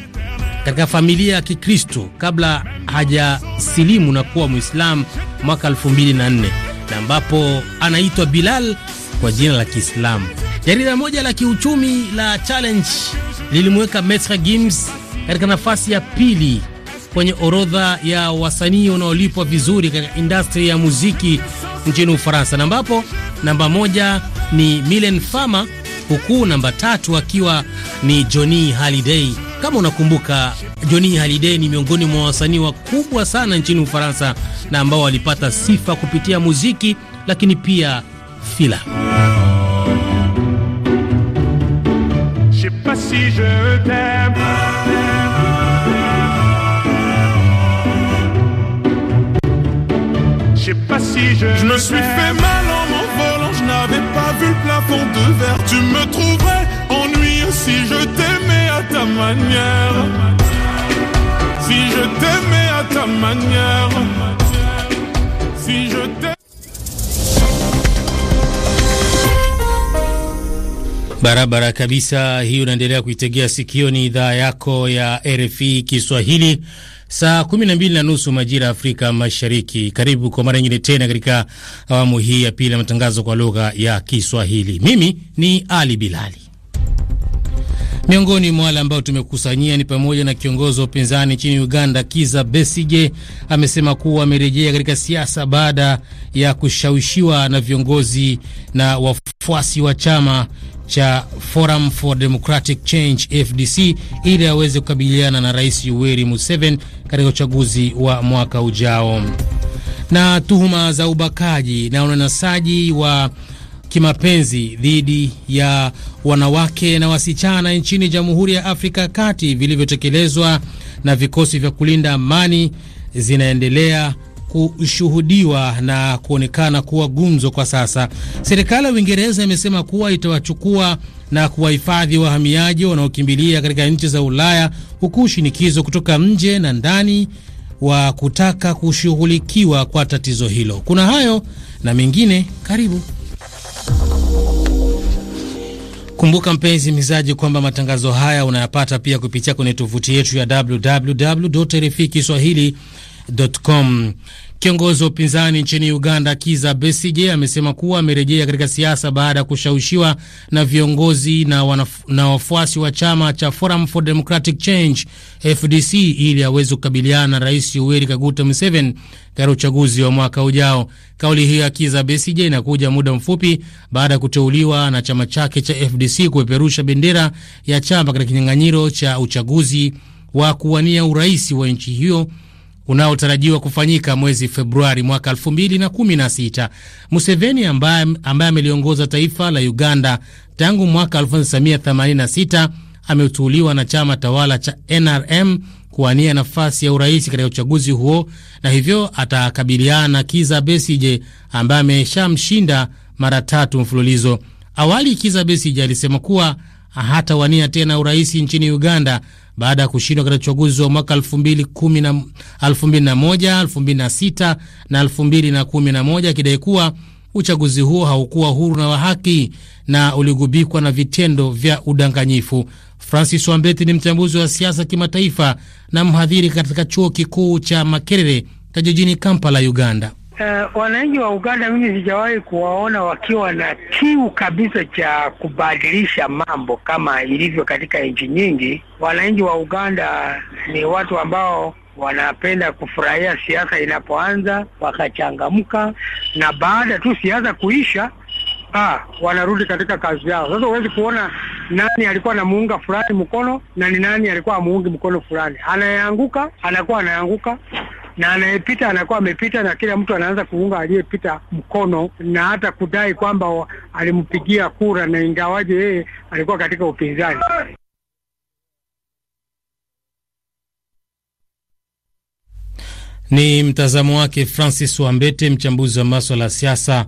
[SPEAKER 1] katika familia ya Kikristo kabla hajasilimu na kuwa Muislamu mwaka 2004 na ambapo anaitwa Bilal kwa jina la Kiislamu. Jarida moja la kiuchumi la Challenge lilimweka Metra Gims katika nafasi ya pili kwenye orodha ya wasanii wanaolipwa vizuri katika industry ya muziki nchini Ufaransa, na ambapo namba moja ni Milen Farmer, huku namba tatu akiwa ni Johnny Hallyday. Kama unakumbuka, Johnny Hallyday ni miongoni mwa wasanii wakubwa sana nchini Ufaransa na ambao walipata sifa kupitia muziki, lakini pia filamu.
[SPEAKER 9] Si je t'aime sais pas si je. Je me suis fait mal en mon volant, je n'avais pas vu le plafond de verre. Tu me trouverais ennuyeux si je t'aimais à ta manière. Si je t'aimais à ta manière. Si je t'aimais.
[SPEAKER 1] Barabara kabisa, hii unaendelea kuitegea sikio, ni idhaa yako ya RFI Kiswahili saa 12 na nusu majira ya Afrika Mashariki. Karibu kwa mara nyingine tena katika awamu hii ya pili ya matangazo kwa lugha ya Kiswahili. Mimi ni Ali Bilali. Miongoni mwa wale ambao tumekusanyia ni pamoja na kiongozi wa upinzani nchini Uganda, Kiza Besige amesema kuwa amerejea katika siasa baada ya kushawishiwa na viongozi na wafuasi wa chama cha Forum for Democratic Change FDC ili aweze kukabiliana na Rais Yoweri Museveni katika uchaguzi wa mwaka ujao. Na tuhuma za ubakaji na unyanyasaji wa kimapenzi dhidi ya wanawake na wasichana nchini Jamhuri ya Afrika ya Kati vilivyotekelezwa na vikosi vya kulinda amani zinaendelea kushuhudiwa na kuonekana kuwa gumzo kwa sasa. Serikali ya Uingereza imesema kuwa itawachukua na kuwahifadhi wahamiaji wanaokimbilia katika nchi za Ulaya, huku shinikizo kutoka nje na ndani wa kutaka kushughulikiwa kwa tatizo hilo. Kuna hayo na mengine, karibu. Kumbuka mpenzi mizaji kwamba matangazo haya unayapata pia kupitia kwenye tovuti yetu ya www RFI Kiswahili com. Kiongozi wa upinzani nchini Uganda Kiza Besige amesema kuwa amerejea katika siasa baada ya kushawishiwa na viongozi na, na wafuasi wa chama cha Forum for Democratic Change FDC ili aweze kukabiliana na Rais Yoweri Kaguta Museveni katika uchaguzi wa mwaka ujao. Kauli hiyo ya Kiza Besige inakuja muda mfupi baada ya kuteuliwa na chama chake cha FDC kupeperusha bendera ya chama katika kinyang'anyiro cha uchaguzi wa kuwania urais wa nchi hiyo unaotarajiwa kufanyika mwezi Februari mwaka 2016. Museveni ambaye ambaye ameliongoza taifa la Uganda tangu mwaka 1986 ameteuliwa na chama tawala cha NRM kuwania nafasi ya urais katika uchaguzi huo na hivyo atakabiliana na Kiza Besije ambaye ameshamshinda mara tatu mfululizo. Awali Kiza Besije alisema kuwa hatawania tena urais nchini Uganda baada ya kushindwa katika uchaguzi wa mwaka 2011, 2006 na 2011 akidai kuwa uchaguzi huo haukuwa huru na wa haki na uligubikwa na vitendo vya udanganyifu. Francis Wambeti ni mchambuzi wa siasa kimataifa na mhadhiri katika chuo kikuu cha Makerere cha jijini Kampala, Uganda.
[SPEAKER 12] Uh, wananchi wa Uganda mimi sijawahi kuwaona wakiwa na kiu kabisa cha kubadilisha mambo kama ilivyo katika nchi nyingi. Wananchi wa Uganda ni watu ambao wanapenda kufurahia siasa inapoanza, wakachangamka, na baada tu siasa kuisha, ah, wanarudi katika kazi yao. Sasa huwezi kuona nani alikuwa anamuunga fulani mkono na ni nani alikuwa amuungi mkono fulani. Anayeanguka anakuwa anaanguka na anayepita anakuwa amepita, na kila mtu anaanza kuunga aliyepita mkono na hata kudai kwamba alimpigia kura, na ingawaje yeye alikuwa katika upinzani.
[SPEAKER 1] Ni mtazamo wake Francis Wambete, mchambuzi wa maswala ya siasa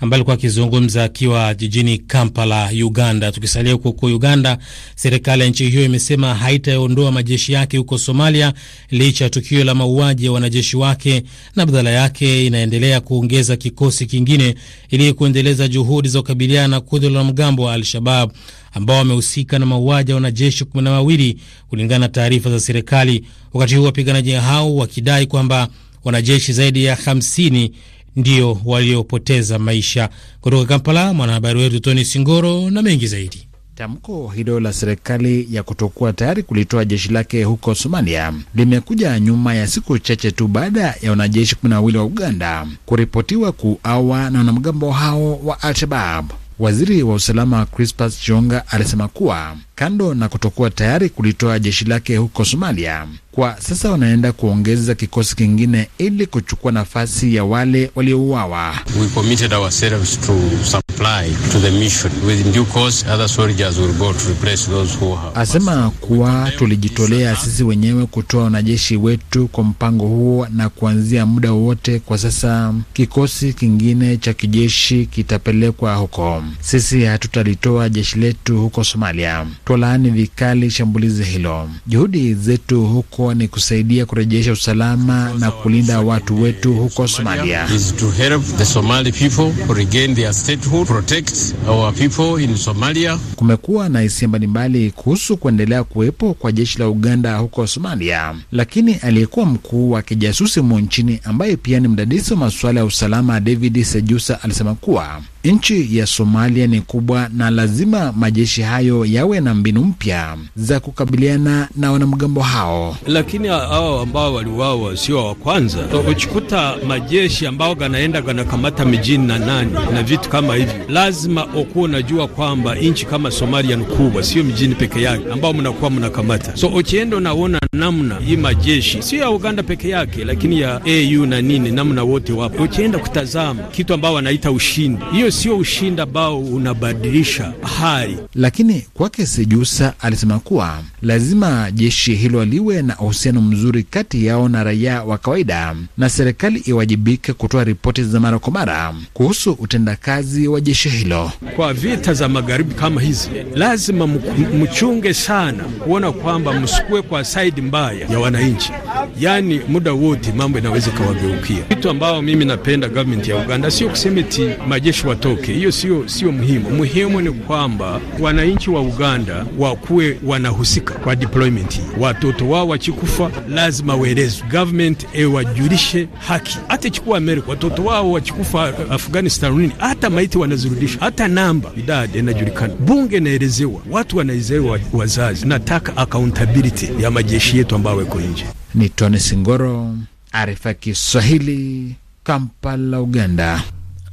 [SPEAKER 1] ambaye alikuwa akizungumza akiwa jijini Kampala, Uganda. Tukisalia huko huko Uganda, serikali ya nchi hiyo imesema haitaondoa majeshi yake huko Somalia licha ya tukio la mauaji ya wanajeshi wake, na badala yake inaendelea kuongeza kikosi kingine ili kuendeleza juhudi za kukabiliana na kundi la mgambo wa Al-Shabab ambao wamehusika na mauaji ya wanajeshi kumi na wawili kulingana na taarifa za serikali, wakati huu wapiganaji hao wakidai kwamba wanajeshi zaidi ya hamsini ndio waliopoteza maisha. Kutoka Kampala, mwanahabari wetu Tony Singoro na mengi zaidi. Tamko hilo
[SPEAKER 3] la serikali ya kutokuwa tayari kulitoa jeshi lake huko Somalia limekuja nyuma ya siku chache tu baada ya wanajeshi kumi na wawili wa Uganda kuripotiwa kuawa na wanamgambo hao wa Al-Shabab. Waziri wa usalama Crispas Jonga alisema kuwa kando na kutokuwa tayari kulitoa jeshi lake huko Somalia. Kwa sasa wanaenda kuongeza kikosi kingine ili kuchukua nafasi ya wale waliouawa. Asema kuwa tulijitolea sisi wenyewe kutoa wanajeshi wetu kwa mpango huo, na kuanzia muda wowote kwa sasa kikosi kingine cha kijeshi kitapelekwa huko. Sisi hatutalitoa jeshi letu huko Somalia twalaani vikali shambulizi hilo. Juhudi zetu huko ni kusaidia kurejesha usalama na kulinda watu wetu huko Somalia. Kumekuwa na hisia mbalimbali kuhusu kuendelea kuwepo kwa jeshi la Uganda huko Somalia, lakini aliyekuwa mkuu wa kijasusi humo nchini ambaye pia ni mdadisi wa masuala ya usalama David Sejusa alisema kuwa Nchi ya Somalia ni kubwa na lazima majeshi hayo yawe na mbinu mpya za kukabiliana na wanamgambo hao.
[SPEAKER 4] Lakini hao ambao waliwawa sio wa kwanza, ukikuta majeshi ambao ganaenda ganakamata mijini na nani na vitu kama hivyo, lazima ukuwa unajua kwamba nchi kama Somalia ni kubwa, sio mijini peke yake ambao mnakuwa mnakamata. So ukienda unaona namna hii majeshi sio ya Uganda peke yake, lakini ya AU na nini, namna wote wapo, ukienda kutazama kitu ambao wanaita ushindi hiyo hiyo sio ushindi ambao unabadilisha hali. Lakini kwake
[SPEAKER 3] Sejusa alisema kuwa lazima jeshi hilo liwe na uhusiano mzuri kati yao na raia wa kawaida, na serikali iwajibike kutoa ripoti za mara kwa mara kuhusu
[SPEAKER 4] utendakazi wa jeshi hilo. Kwa vita za magharibi kama hizi, lazima mchunge sana kuona kwamba msikue kwa saidi mbaya ya wananchi, yaani muda wote mambo inaweza ikawageukia, kitu ambao mimi napenda government ya Uganda sio kusema majeshi wa watoke, hiyo sio sio muhimu. Muhimu ni kwamba wananchi wa Uganda wakuwe wanahusika kwa deployment hii. Watoto wao wachikufa, lazima waelezwe, government ewajulishe eh, haki. Hata chukua Amerika, watoto wao wachikufa eh, Afghanistan nini, hata maiti wanazirudisha, hata namba idadi inajulikana, bunge naelezewa, watu wanaelezewa, wazazi. Nataka accountability ya majeshi yetu ambao wako nje. Ni Tony Singoro, Arifa Kiswahili, Kampala, Uganda.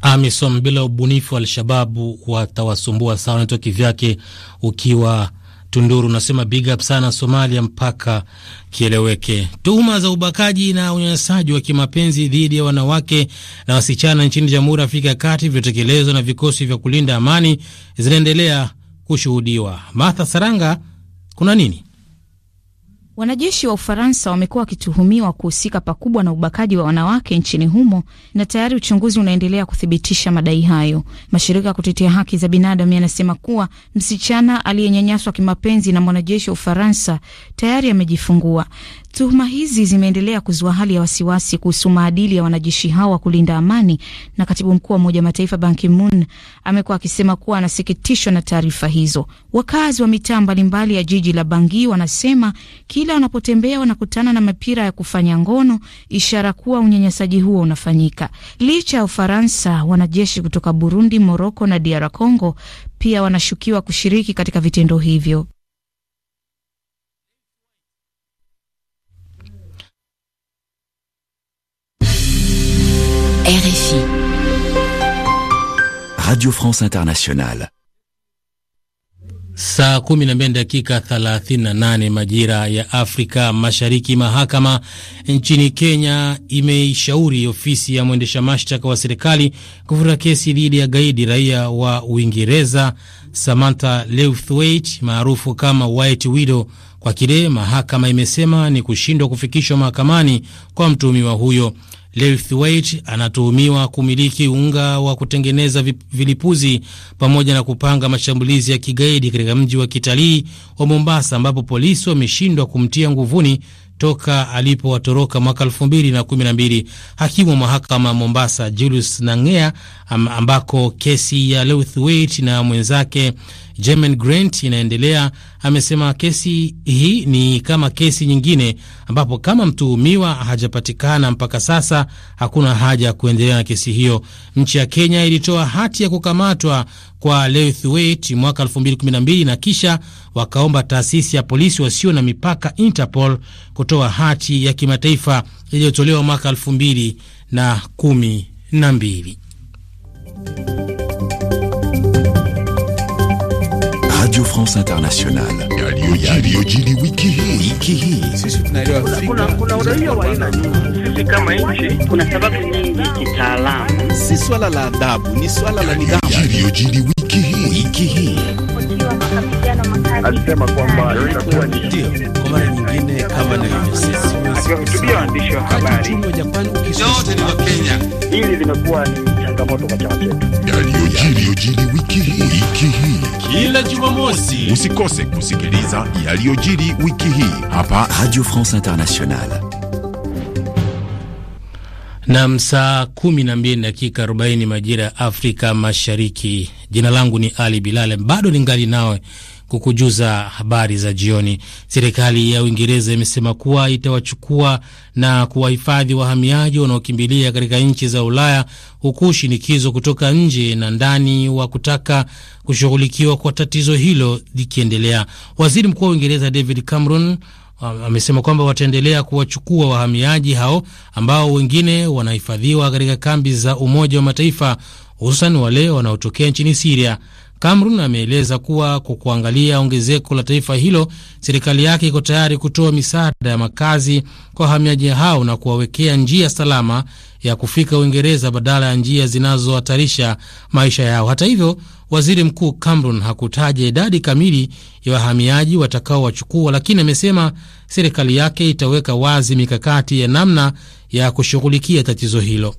[SPEAKER 1] AMISOM bila ubunifu wa Alshababu watawasumbua sana. Naitwa kivyake ukiwa Tunduru nasema big up sana Somalia, mpaka kieleweke. Tuhuma za ubakaji na unyanyasaji wa kimapenzi dhidi ya wanawake na wasichana nchini Jamhuri ya Afrika ya Kati vilivyotekelezwa na vikosi vya kulinda amani zinaendelea kushuhudiwa. Martha Saranga, kuna nini?
[SPEAKER 8] Wanajeshi wa Ufaransa wamekuwa wakituhumiwa kuhusika pakubwa na ubakaji wa wanawake nchini humo na tayari uchunguzi unaendelea kuthibitisha madai hayo. Mashirika ya kutetea haki za binadamu yanasema kuwa msichana aliyenyanyaswa kimapenzi na mwanajeshi wa Ufaransa tayari amejifungua. Tuhuma hizi zimeendelea kuzua hali ya wasiwasi kuhusu maadili ya wanajeshi hao wa kulinda amani, na katibu mkuu wa Umoja wa Mataifa Ban Ki-moon amekuwa akisema kuwa anasikitishwa na taarifa hizo. Wakazi wa mitaa mbalimbali ya jiji la bangi wanasema kila wanapotembea wanakutana na mapira ya kufanya ngono, ishara kuwa unyanyasaji huo unafanyika. Licha ya Ufaransa, wanajeshi kutoka Burundi, Moroko na DR Congo pia wanashukiwa kushiriki katika vitendo hivyo.
[SPEAKER 13] RFI.
[SPEAKER 4] Radio France Internationale.
[SPEAKER 1] Saa 12 dakika 38 majira ya Afrika Mashariki. Mahakama nchini Kenya imeishauri ofisi ya mwendesha mashtaka wa serikali kufuta kesi dhidi ya gaidi raia wa Uingereza Samantha Lewthwaite maarufu kama White Widow kwa kile mahakama imesema ni kushindwa kufikishwa mahakamani kwa mtuhumiwa huyo. Lewthwaite anatuhumiwa kumiliki unga wa kutengeneza vilipuzi pamoja na kupanga mashambulizi ya kigaidi katika mji wa kitalii wa Mombasa, ambapo polisi wameshindwa kumtia nguvuni toka alipowatoroka mwaka 2012. Hakimu wa mahakama Mombasa Julius Nangea, ambako kesi ya Lewthwaite na mwenzake Germain Grant inaendelea, amesema kesi hii ni kama kesi nyingine, ambapo kama mtuhumiwa hajapatikana mpaka sasa, hakuna haja ya kuendelea na kesi hiyo. Nchi ya Kenya ilitoa hati ya kukamatwa kwa Leithwaite mwaka 2012 na kisha wakaomba taasisi ya polisi wasio na mipaka Interpol kutoa hati ya kimataifa iliyotolewa mwaka 2012.
[SPEAKER 4] Radio France Internationale. Si swala la adabu, ni swala la nidhamu. kwa mara nyingine kama nilivyosema. Akiwahutubia
[SPEAKER 7] Hili limekuwa ni changamoto kwa chama chetu. Yaliyojiri yojiri
[SPEAKER 9] wiki hii wiki hii
[SPEAKER 7] kila Jumamosi, usikose
[SPEAKER 9] kusikiliza yaliyojiri wiki hii hapa Radio France Internationale.
[SPEAKER 1] Nam, saa kumi na mbili dakika arobaini majira ya Afrika Mashariki. Jina langu ni Ali Bilale, bado ningali nawe kukujuza habari za jioni. Serikali ya Uingereza imesema kuwa itawachukua na kuwahifadhi wahamiaji wanaokimbilia katika nchi za Ulaya, huku shinikizo kutoka nje na ndani wa kutaka kushughulikiwa kwa tatizo hilo likiendelea. Waziri Mkuu wa Uingereza David Cameron amesema kwamba wataendelea kuwachukua wahamiaji hao ambao wengine wanahifadhiwa katika kambi za Umoja wa Mataifa, hususan wale wanaotokea nchini Siria. Cameron ameeleza kuwa kwa kuangalia ongezeko la taifa hilo, serikali yake iko tayari kutoa misaada ya makazi kwa wahamiaji hao na kuwawekea njia salama ya kufika Uingereza badala ya njia zinazohatarisha maisha yao. Hata hivyo, waziri mkuu Cameron hakutaja idadi kamili ya wahamiaji watakaowachukua, lakini amesema serikali yake itaweka wazi mikakati ya namna ya kushughulikia tatizo hilo.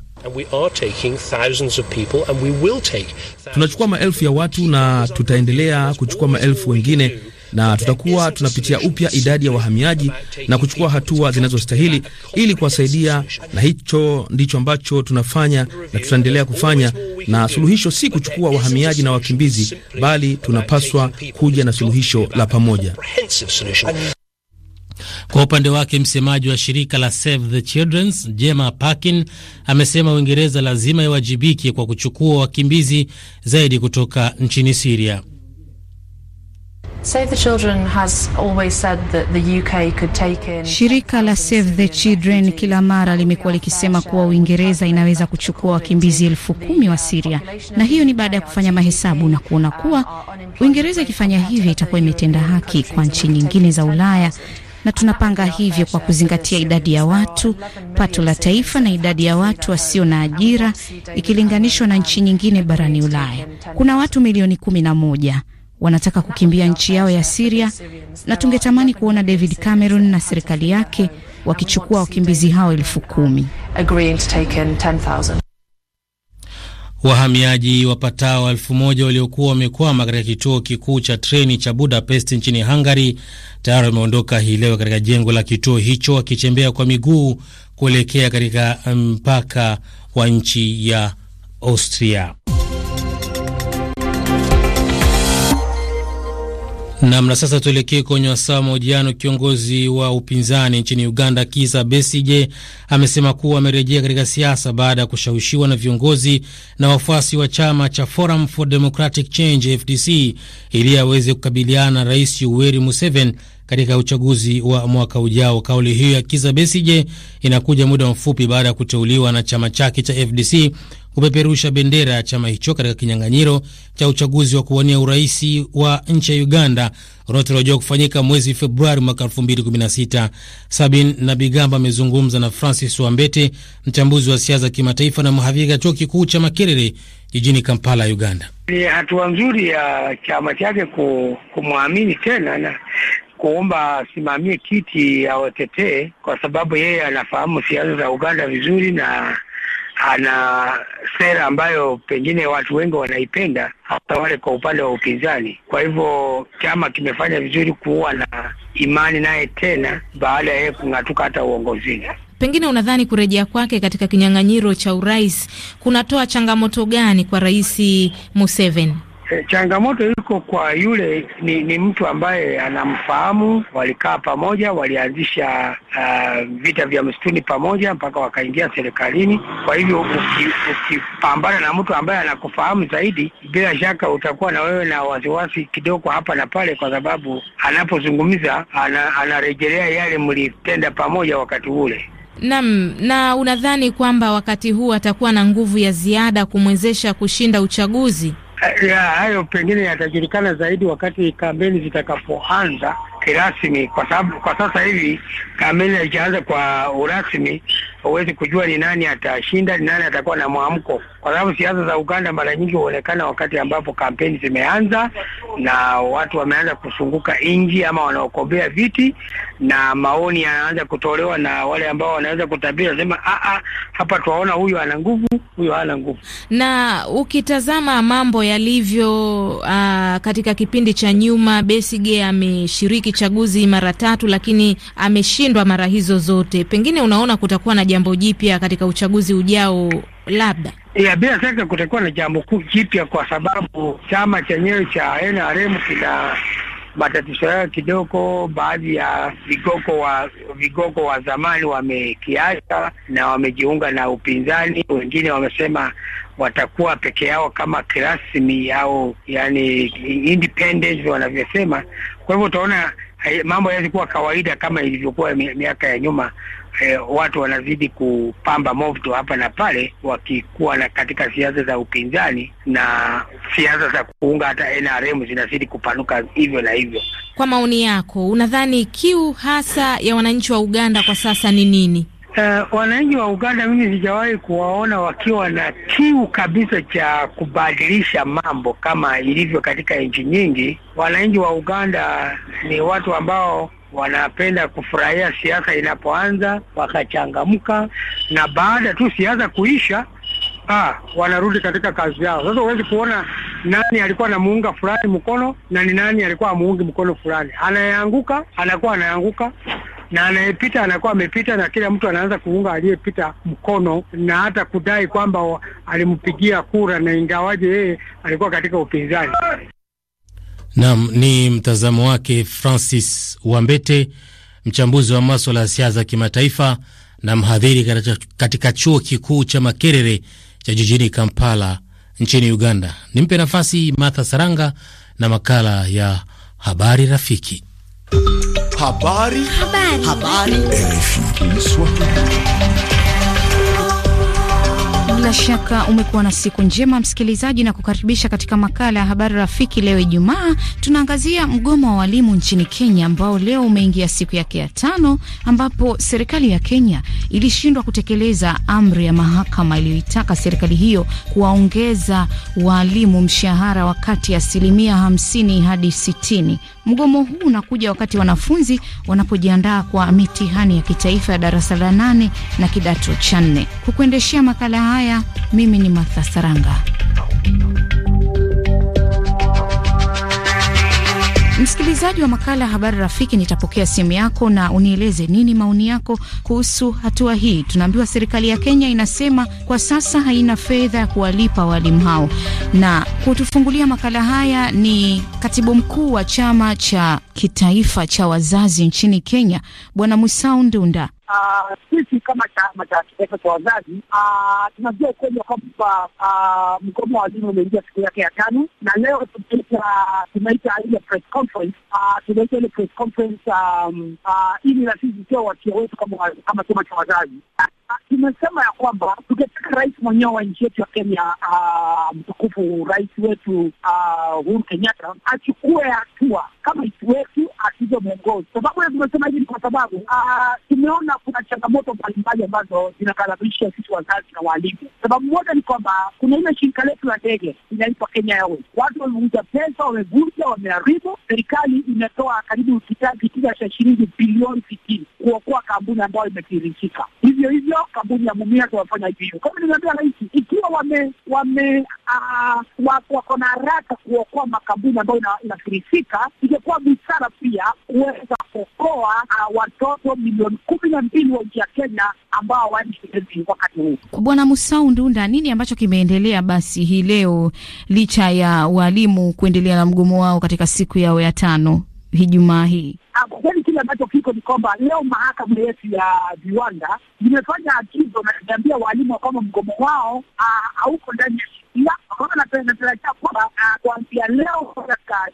[SPEAKER 1] Tunachukua maelfu ya watu na tutaendelea kuchukua maelfu wengine
[SPEAKER 4] na tutakuwa tunapitia upya idadi ya wahamiaji na kuchukua hatua zinazostahili ili kuwasaidia, na hicho ndicho ambacho tunafanya na tutaendelea kufanya. Na suluhisho si kuchukua wahamiaji na wakimbizi, bali tunapaswa kuja na suluhisho la pamoja.
[SPEAKER 1] Kwa upande wake msemaji wa shirika la Save the Children Jema Parkin amesema Uingereza lazima iwajibike kwa kuchukua wakimbizi zaidi kutoka nchini Siria.
[SPEAKER 8] Save the Children has always said that the UK could take in... Shirika la Save the Children kila mara limekuwa likisema kuwa Uingereza inaweza kuchukua wakimbizi elfu kumi wa Siria, na hiyo ni baada ya kufanya mahesabu na kuona kuwa Uingereza ikifanya hivyo itakuwa imetenda haki kwa nchi nyingine za Ulaya na tunapanga hivyo kwa kuzingatia idadi ya watu, pato la taifa na idadi ya watu wasio na ajira ikilinganishwa na nchi nyingine barani Ulaya. Kuna watu milioni kumi na moja wanataka kukimbia nchi yao ya Siria na tungetamani kuona David Cameron na serikali yake wakichukua wakimbizi hao elfu kumi.
[SPEAKER 1] Wahamiaji wapatao elfu moja waliokuwa wamekwama katika kituo kikuu cha treni cha Budapest nchini Hungary tayari wameondoka hii leo katika jengo la kituo hicho wakitembea kwa miguu kuelekea katika mm, mpaka wa nchi ya Austria. Namna sasa, tuelekee kwenye wasaa mahojiano. Kiongozi wa upinzani nchini Uganda kiza besije amesema kuwa amerejea katika siasa baada ya kushawishiwa na viongozi na wafuasi wa chama cha Forum for Democratic Change FDC ili aweze kukabiliana na Rais Yoweri Museveni katika uchaguzi wa mwaka ujao. Kauli hiyo ya kiza besije inakuja muda mfupi baada ya kuteuliwa na chama chake cha FDC kupeperusha bendera ya chama hicho katika kinyang'anyiro cha uchaguzi wa kuwania urais wa nchi ya Uganda unaotarajiwa kufanyika mwezi Februari mwaka 2016. Sabin Nabigamba amezungumza na Francis Wambete, mchambuzi wa siasa kimataifa na mhadhiri wa chuo kikuu cha Makerere jijini Kampala, Uganda.
[SPEAKER 12] Ni hatua nzuri ya chama chake kumwamini tena na kuomba asimamie kiti awatetee, kwa sababu yeye anafahamu siasa za Uganda vizuri na ana sera ambayo pengine watu wengi wanaipenda, hata wale kwa upande wa upinzani. Kwa hivyo chama kimefanya vizuri kuwa na imani naye tena baada ya yeye kung'atuka hata uongozini.
[SPEAKER 10] Pengine unadhani kurejea kwake katika kinyang'anyiro cha urais kunatoa changamoto gani kwa Rais Museveni?
[SPEAKER 12] E, changamoto iko kwa yule ni, ni mtu ambaye anamfahamu, walikaa pamoja, walianzisha uh, vita vya msituni pamoja mpaka wakaingia serikalini. Kwa hivyo ukipambana na mtu ambaye anakufahamu zaidi, bila shaka utakuwa na wewe na wasiwasi kidogo hapa na pale, kwa sababu anapozungumza ana, anarejelea yale mlitenda pamoja wakati ule.
[SPEAKER 10] Naam, na unadhani kwamba wakati huu atakuwa na nguvu ya ziada kumwezesha kushinda uchaguzi?
[SPEAKER 12] Eh, ya hayo pengine yatajulikana zaidi wakati kampeni zitakapoanza kirasmi, kwa sababu kwa sasa hivi kamili haijaanza kwa urasmi, huwezi kujua ni nani atashinda, ni nani atakuwa na mwamko, kwa sababu siasa za Uganda mara nyingi huonekana wakati ambapo kampeni zimeanza na watu wameanza kusunguka nji ama wanaokombea viti, na maoni yanaanza kutolewa na wale ambao wanaweza kutabiri, nasema a, ah, ah, hapa tuwaona huyu ana nguvu, huyu hana nguvu.
[SPEAKER 10] Na ukitazama mambo yalivyo, uh, katika kipindi cha nyuma, Besigye ameshiriki chaguzi mara tatu, lakini ameshi kushindwa mara hizo zote, pengine unaona kutakuwa na jambo jipya katika uchaguzi ujao labda?
[SPEAKER 12] Ya, bila shaka kutakuwa na jambo jipya kwa sababu chama chenyewe cha NRM kina matatizo yao kidogo. Baadhi ya vigogo wa vigogo wa zamani wamekiacha na wamejiunga na upinzani, wengine wamesema watakuwa peke yao kama kirasmi au yani independence wanavyosema. Kwa hivyo utaona Eh, mambo yawezi kuwa kawaida kama ilivyokuwa miaka ya nyuma. E, watu wanazidi kupamba moto hapa na pale, wakikuwa na katika siasa za upinzani na siasa za kuunga hata NRM zinazidi kupanuka hivyo na hivyo.
[SPEAKER 10] Kwa maoni yako, unadhani kiu hasa ya wananchi wa Uganda kwa sasa ni nini? Uh,
[SPEAKER 12] wananchi wa Uganda mimi sijawahi kuwaona wakiwa na kiu kabisa cha kubadilisha mambo kama ilivyo katika nchi nyingi. Wananchi wa Uganda ni watu ambao wanapenda kufurahia siasa inapoanza, wakachangamka, na baada tu siasa kuisha, ah, wanarudi katika kazi yao. Sasa huwezi kuona nani alikuwa anamuunga fulani mkono na ni nani alikuwa amuungi mkono fulani. Anayeanguka anakuwa anayeanguka na anayepita anakuwa amepita, na kila mtu anaanza kuunga aliyepita mkono na hata kudai kwamba alimpigia kura, na ingawaje yeye alikuwa katika upinzani.
[SPEAKER 1] Naam, ni mtazamo wake Francis Wambete, mchambuzi wa maswala ya siasa kimataifa na mhadhiri katika chuo kikuu cha Makerere cha jijini Kampala nchini Uganda. Nimpe nafasi Martha Saranga na makala ya habari rafiki.
[SPEAKER 6] Habari. Habari. Habari.
[SPEAKER 8] bila shaka umekuwa na siku njema msikilizaji, na kukaribisha katika makala ya habari rafiki. Leo Ijumaa, tunaangazia mgomo wa walimu nchini Kenya ambao leo umeingia siku yake ya tano, ambapo serikali ya Kenya ilishindwa kutekeleza amri ya mahakama iliyoitaka serikali hiyo kuwaongeza walimu mshahara wa kati ya asilimia hamsini hadi sitini Mgomo huu unakuja wakati wanafunzi wanapojiandaa kwa mitihani ya kitaifa ya darasa la nane na kidato cha nne. Kukuendeshea makala haya, mimi ni Martha Saranga. Msikilizaji wa makala ya habari rafiki, nitapokea simu yako na unieleze nini maoni yako kuhusu hatua hii. Tunaambiwa serikali ya Kenya inasema kwa sasa haina fedha ya kuwalipa walimu hao, na kutufungulia makala haya ni katibu mkuu wa chama cha kitaifa cha wazazi nchini Kenya, Bwana Musau Ndunda. Ah,
[SPEAKER 6] sisi kama chama cha kitaifa cha wazazi ah, tunajua ukweli wa kwamba ah, mgomo wa walimu umeingia siku yake ya tano, na leo tumeita ile press conference, tunaita ile press conference um, ili na sisi sio watia wetu kama chama cha wazazi tumesema ya kwamba tungetaka rais mwenyewe wa nchi yetu ya Kenya, mtukufu rais wetu Uhuru Kenyatta achukue hatua kama wetu akija mwongozi. Sababu tumesema hivi ni kwa sababu ah, ah, tumeona kuna changamoto mbalimbali ambazo zinakaribisha sisi wazazi na waalimu. Sababu moja ni kwamba kuna ile shirika letu la ndege inaitwa Kenya Airways, watu wamevunja pesa, wamevunja, wameharibu. Serikali imetoa karibu kitita cha shilingi bilioni sitini kuokoa kampuni ambayo imetiririshika. Hivyo hivyo kampuni ya Mumia tunafanya hivyo hivyo, kama nimeambia rahisi, ikiwa wame wame ah, wako na haraka kuokoa makampuni ambayo inafirisika ingekuwa busara pia kuweza kuokoa uh, watoto milioni kumi na mbili wa nchi ya Kenya ambao hawaendi shuleni
[SPEAKER 8] wakati huu. Bwana Musau Ndunda, nini ambacho kimeendelea basi hii leo licha ya walimu kuendelea na mgomo wao katika siku yao ya tano hii Jumaa hii?
[SPEAKER 6] Ah, kwa kweli kile ambacho kiko ni kwamba leo mahakama yetu ya viwanda imefanya agizo na waalimu walimu kwamba mgomo wao ah, hauko ndani ya natarajia kwamba ah, kuanzia leo katika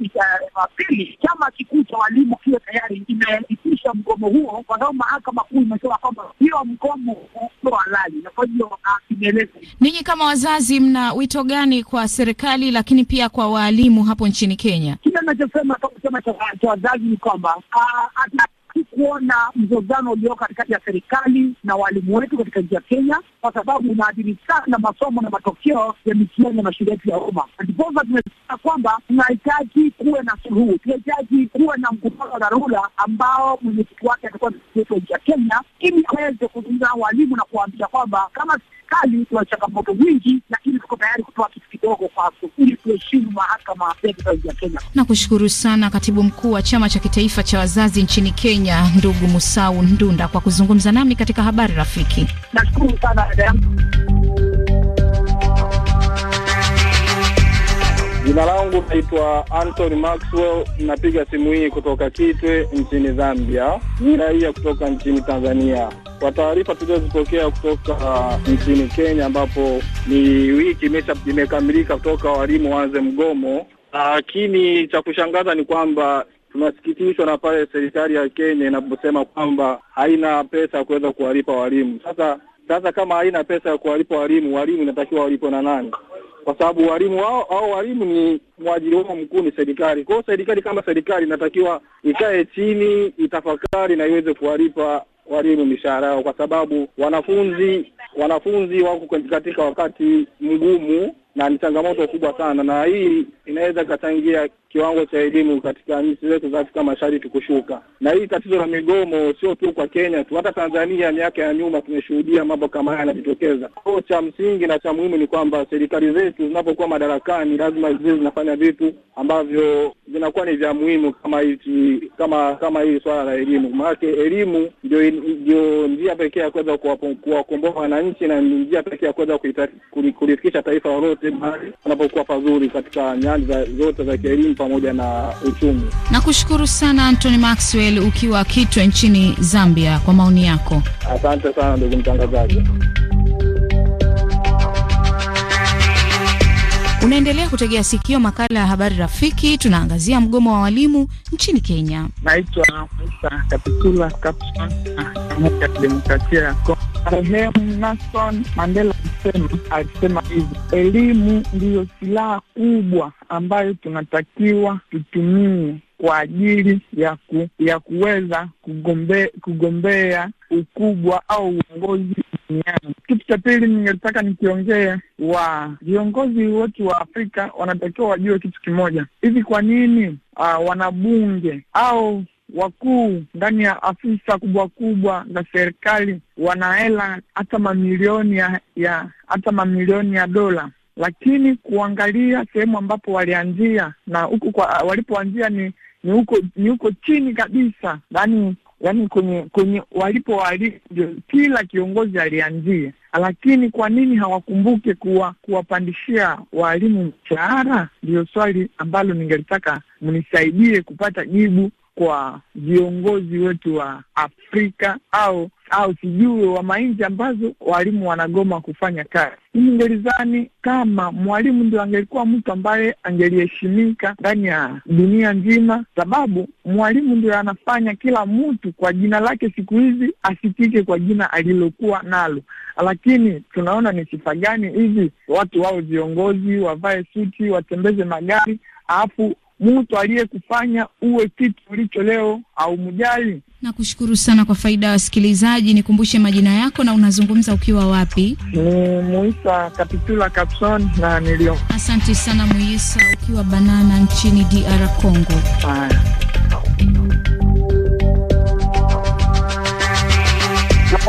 [SPEAKER 6] Jumapili chama kikuu cha walimu kiwe tayari kimeitisha mgomo huo, kwa sababu mahakama kuu imesema kwamba hiyo
[SPEAKER 8] mgomo sio halali, na kwa hiyo ah, imeeleza. Ninyi kama wazazi, mna wito gani kwa serikali, lakini pia kwa waalimu hapo nchini Kenya? Kile nachosema kama chama
[SPEAKER 6] cha wazazi ni kwamba ah, kuona mzozano ulio katikati ya serikali na waalimu wetu katika nchi ya Kenya, kwa sababu unaadhiri sana masomo na matokeo ya mitihani na shule yetu ya umma. Ndiposa tumesema kwamba tunahitaji kuwe na suluhu, tunahitaji kuwe na mkutano wa dharura ambao mwenyekiti wake atakuwa wa nchi ya Kenya, ili aweze kuzungumza na waalimu na kuwaambia kwamba kama serikali tuna changamoto nyingi, lakini tuko tayari kutoa kitu kidogo kwa ili
[SPEAKER 8] kuheshimu mahakama ya pesa ya Kenya. Nakushukuru sana katibu mkuu wa chama cha kitaifa cha wazazi nchini Kenya, ndugu Musau Ndunda, kwa kuzungumza nami katika habari rafiki. Nashukuru sana dada yangu.
[SPEAKER 14] Jina langu naitwa Anthony Maxwell, napiga simu hii kutoka Kitwe nchini Zambia. Ni raia kutoka nchini Tanzania. Kwa taarifa tulizozipokea kutoka uh, nchini Kenya, ambapo ni wiki imesha imekamilika kutoka walimu waanze mgomo, lakini cha kushangaza ni kwamba tunasikitishwa na pale serikali ya Kenya inaposema kwamba haina pesa ya kuweza kuwalipa walimu. Sasa sasa, kama haina pesa ya kuwalipa walimu, walimu inatakiwa walipo na nani? kwa sababu walimu wao au walimu ni mwajiri wao mkuu ni serikali. Kwa hiyo serikali kama serikali inatakiwa ikae chini, itafakari na iweze kuwalipa walimu mishahara yao, kwa sababu wanafunzi wanafunzi wako katika wakati mgumu na ni changamoto kubwa sana, na hii inaweza ikachangia kiwango cha elimu katika nchi zetu za Afrika Mashariki kushuka. Na hii tatizo la migomo sio tu kwa Kenya tu, hata Tanzania miaka ya nyuma tumeshuhudia mambo kama haya yanajitokeza. Kwa cha msingi na cha muhimu ni kwamba serikali zetu zinapokuwa madarakani, lazima ziwe zinafanya vitu ambavyo vinakuwa ni vya muhimu kama hii kama kama hili swala la elimu, maanake elimu ndio ndio njia pekee ya kuweza kuwakomboa wananchi na njia pekee ya kuweza kulifikisha taifa lolote mahali anapokuwa pazuri katika nyanja zote za kielimu pamoja na uchumi.
[SPEAKER 8] Nakushukuru sana Anthony Maxwell ukiwa Kitwe nchini Zambia kwa maoni yako.
[SPEAKER 14] Asante sana ndugu mtangazaji.
[SPEAKER 8] Unaendelea kutegea sikio makala ya habari rafiki. Tunaangazia mgomo wa walimu nchini Kenya.
[SPEAKER 5] Naitwa Musa Kapitula Kapson, ah, Jamhuri ya Kidemokrasia ya Kongo. Marehemu Nelson Mandela alisema alisema hivi, elimu ndiyo silaha kubwa ambayo tunatakiwa tutumie kwa ajili ya ku, ya kuweza kugombe, kugombea ukubwa au uongozi duniani. Kitu cha pili ningetaka nikiongea, wa viongozi wote wa Afrika wanatakiwa wajue kitu kimoja hivi. Kwa nini uh, wanabunge au wakuu ndani ya afisa kubwa kubwa za serikali wanahela hata mamilioni ya hata mamilioni ya dola lakini kuangalia sehemu ambapo walianzia na huku kwa walipoanzia ni ni huko ni huko chini kabisa, yani yani kwenye kwenye walipo wali, ndio kila kiongozi alianzia. Lakini kwa nini hawakumbuke kuwa kuwapandishia walimu mshahara? Ndiyo swali ambalo ningelitaka mnisaidie kupata jibu kwa viongozi wetu wa Afrika au au sijui wa mainzi ambazo walimu wanagoma kufanya kazi. ngelizani kama mwalimu ndio angelikuwa mtu ambaye angeliheshimika ndani ya dunia nzima, sababu mwalimu ndio anafanya kila mtu kwa jina lake siku hizi asikike kwa jina alilokuwa nalo. Lakini tunaona ni sifa gani hizi watu wao viongozi wavae suti, watembeze magari, alafu mtu aliyekufanya uwe kitu ulicho leo au mjali.
[SPEAKER 8] Nakushukuru sana. Kwa faida ya wasikilizaji, nikumbushe majina yako na unazungumza ukiwa wapi? Ni Muisa Kapitula Kapson na nilio. Asante sana Muisa, ukiwa Banana nchini DR Congo. Haya.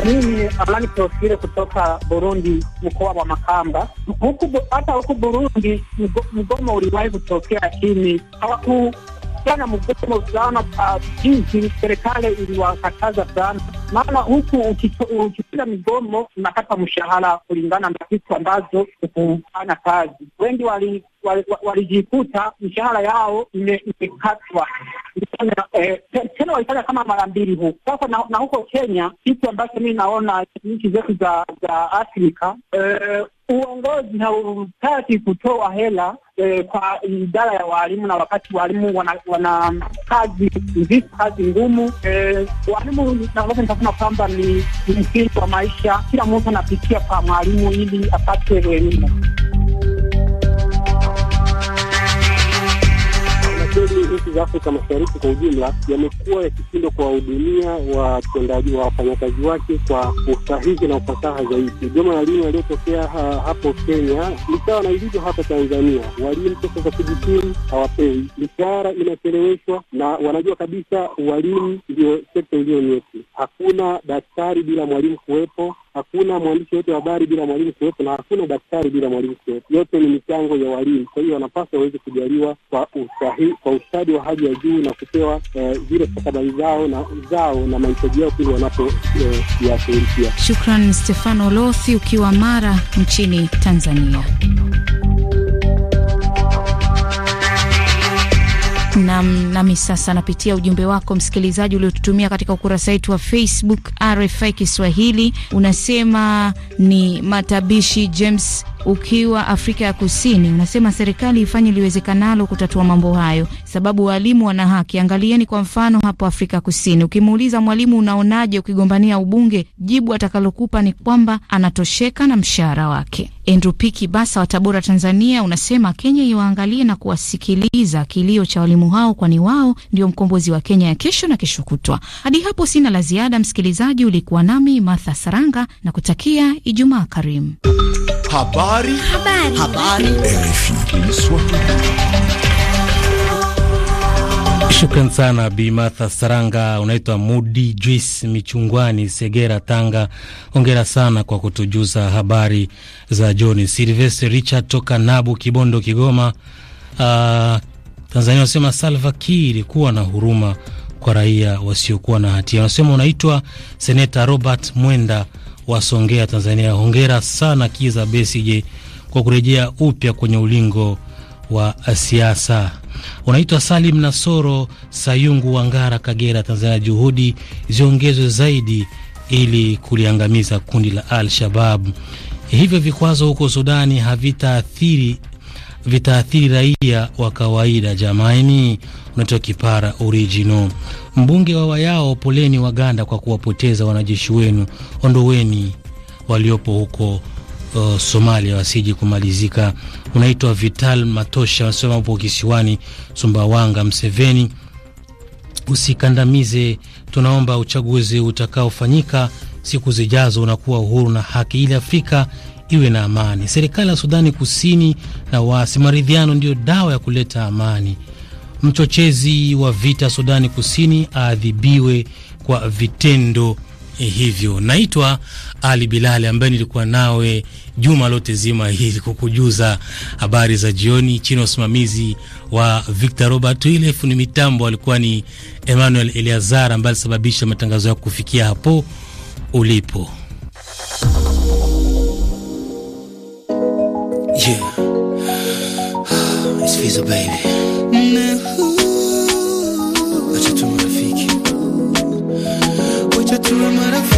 [SPEAKER 8] Mimi
[SPEAKER 6] Amani Profile kutoka Burundi, mkoa wa Makamba. Huku hata huku Burundi mgomo uliwahi kutokea, lakini hawakufanya mgomo sana kwa ah, jinsi serikali iliwakataza sana. Maana huku ukipiga migomo unakata mshahara kulingana na siku ambazo hukufanya kazi. Wengi wali walijikuta mishahara yao imekatwa eh, tena walifanya kama mara mbili huku sasa na, na huko Kenya, kitu ambacho mi naona nchi zetu za za Afrika eh, uongozi hautaki kutoa hela e, kwa idara ya waalimu na wakati waalimu wana, wana kazi nzito, kazi ngumu e, walimu naweza nikasema kwamba ni msingi wa maisha. Kila mtu anapitia kwa mwalimu ili apate elimu.
[SPEAKER 1] kweli nchi za Afrika Mashariki kwa
[SPEAKER 14] ujumla yamekuwa yakishindwa kuwahudumia watendaji wa wafanyakazi wake kwa usahihi na ufasaha zaidi. Mgomo wa walimu waliotokea hapo Kenya ni sawa na ilivyo hapa Tanzania. Walimu pesa za kujikimu hawapewi, mishahara inacheleweshwa, na wanajua kabisa walimu ndio sekta iliyo nyeti. Hakuna daktari bila mwalimu kuwepo, Hakuna mwandishi yote wa habari bila mwalimu kuwepo, na hakuna daktari bila mwalimu kuwepo. Yote ni michango ya walimu. Kwa hiyo wanapaswa waweze kujaliwa kwa usahi, kwa ustadi wa hali ya juu na kupewa eh, zile eh, stakabadhi zao na zao na mahitaji yao pili wanapoyashughulikia. Eh,
[SPEAKER 8] shukran Stefano Lothi ukiwa Mara nchini Tanzania. Nam, nami sasa napitia ujumbe wako msikilizaji uliotutumia katika ukurasa wetu wa Facebook RFI Kiswahili. Unasema ni matabishi James ukiwa Afrika ya Kusini, unasema serikali ifanye liwezekanalo kutatua mambo hayo, sababu walimu wana haki. Angalieni kwa mfano hapo Afrika Kusini, ukimuuliza mwalimu unaonaje ukigombania ubunge, jibu atakalokupa ni kwamba anatosheka na mshahara wake. Andrew Piki Basa wa Tabora, Tanzania, unasema Kenya iwaangalie na kuwasikiliza kilio cha walimu hao, kwani wao ndio mkombozi wa Kenya ya kesho na kesho kutwa. Hadi hapo sina la ziada, msikilizaji. Ulikuwa nami Martha Saranga na kutakia Ijumaa karimu.
[SPEAKER 6] Habari. Habari. Habari.
[SPEAKER 1] Shukran sana Bi Martha Saranga. Unaitwa Mudi Juice Michungwani, Segera, Tanga. Hongera sana kwa kutujuza habari za John Silvestre Richard toka Nabu, Kibondo, Kigoma. Uh, Tanzania wasema Salva Kiir kuwa na huruma kwa raia wasiokuwa na hatia. Wanasema unaitwa Seneta Robert Mwenda wa Songea, Tanzania. Hongera sana Kiza Besije kwa kurejea upya kwenye ulingo wa siasa. Unaitwa Salim Nasoro Sayungu Wangara, Kagera, Tanzania. Juhudi ziongezwe zaidi ili kuliangamiza kundi la Al Shabab. Hivyo vikwazo huko Sudani havitaathiri vitaathiri raia wa kawaida jamani. Unaitwa Kipara Original, mbunge wa Wayao. Poleni Waganda kwa kuwapoteza wanajeshi wenu, ondoweni waliopo huko uh, Somalia wasiji kumalizika. Unaitwa Vital Matosha, unasema upo kisiwani Sumbawanga. Mseveni usikandamize, tunaomba uchaguzi utakaofanyika siku zijazo unakuwa uhuru na haki, ili Afrika iwe na amani. Serikali ya Sudani Kusini na waasi, maridhiano ndiyo dawa ya kuleta amani. Mchochezi wa vita Sudani Kusini aadhibiwe kwa vitendo eh, hivyo. Naitwa Ali Bilali, ambaye nilikuwa nawe juma lote zima hili kukujuza habari za jioni, chini ya usimamizi wa Victor Robert Wilef. Ni mitambo alikuwa ni Emmanuel Eliazar, ambaye alisababisha matangazo yako kufikia hapo ulipo. Yeah,
[SPEAKER 13] it's Visa Baby. feet? tu marafiki, wacha tu marafiki.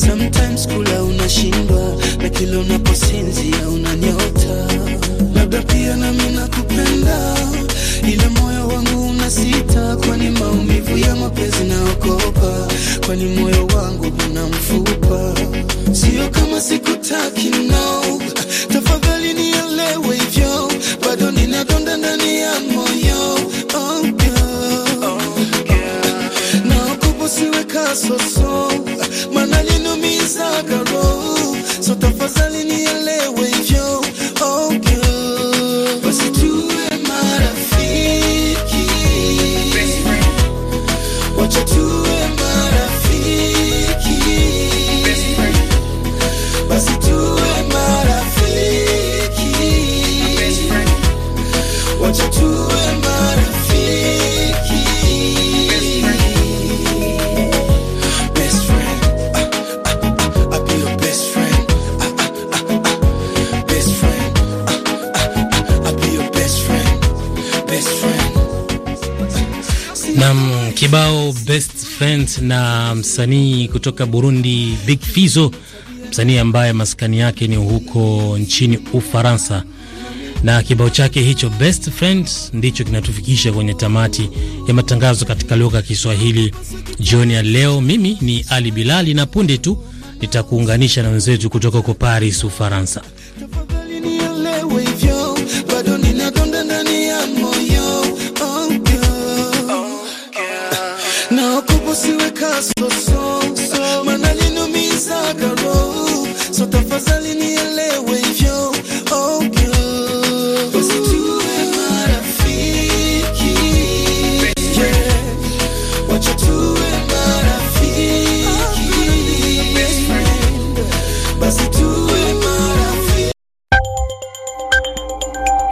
[SPEAKER 13] Sometimes kula unashindwa na kila unaposinzia unanyota, labda pia nami nakupenda, ila moyo wangu unasita, kwani maumivu ya mapenzi naogopa, kwani moyo wangu una mfupa, sio kama sikutaki, no. Tafadhali nielewe hivyo, bado ninadonda ndani ya moyo oh, girl. Oh, girl. Naogopa siwe kasoso kama so tafadhali nielewe
[SPEAKER 1] na msanii kutoka Burundi Big Fizo, msanii ambaye maskani yake ni huko nchini Ufaransa, na kibao chake hicho Best Friends ndicho kinatufikisha kwenye tamati ya matangazo katika lugha ya Kiswahili jioni ya leo. Mimi ni Ali Bilali na punde tu nitakuunganisha na wenzetu kutoka huko Paris, Ufaransa.
[SPEAKER 13] Kaso sonso Manali no mizagaro oh. Sotafadhali ni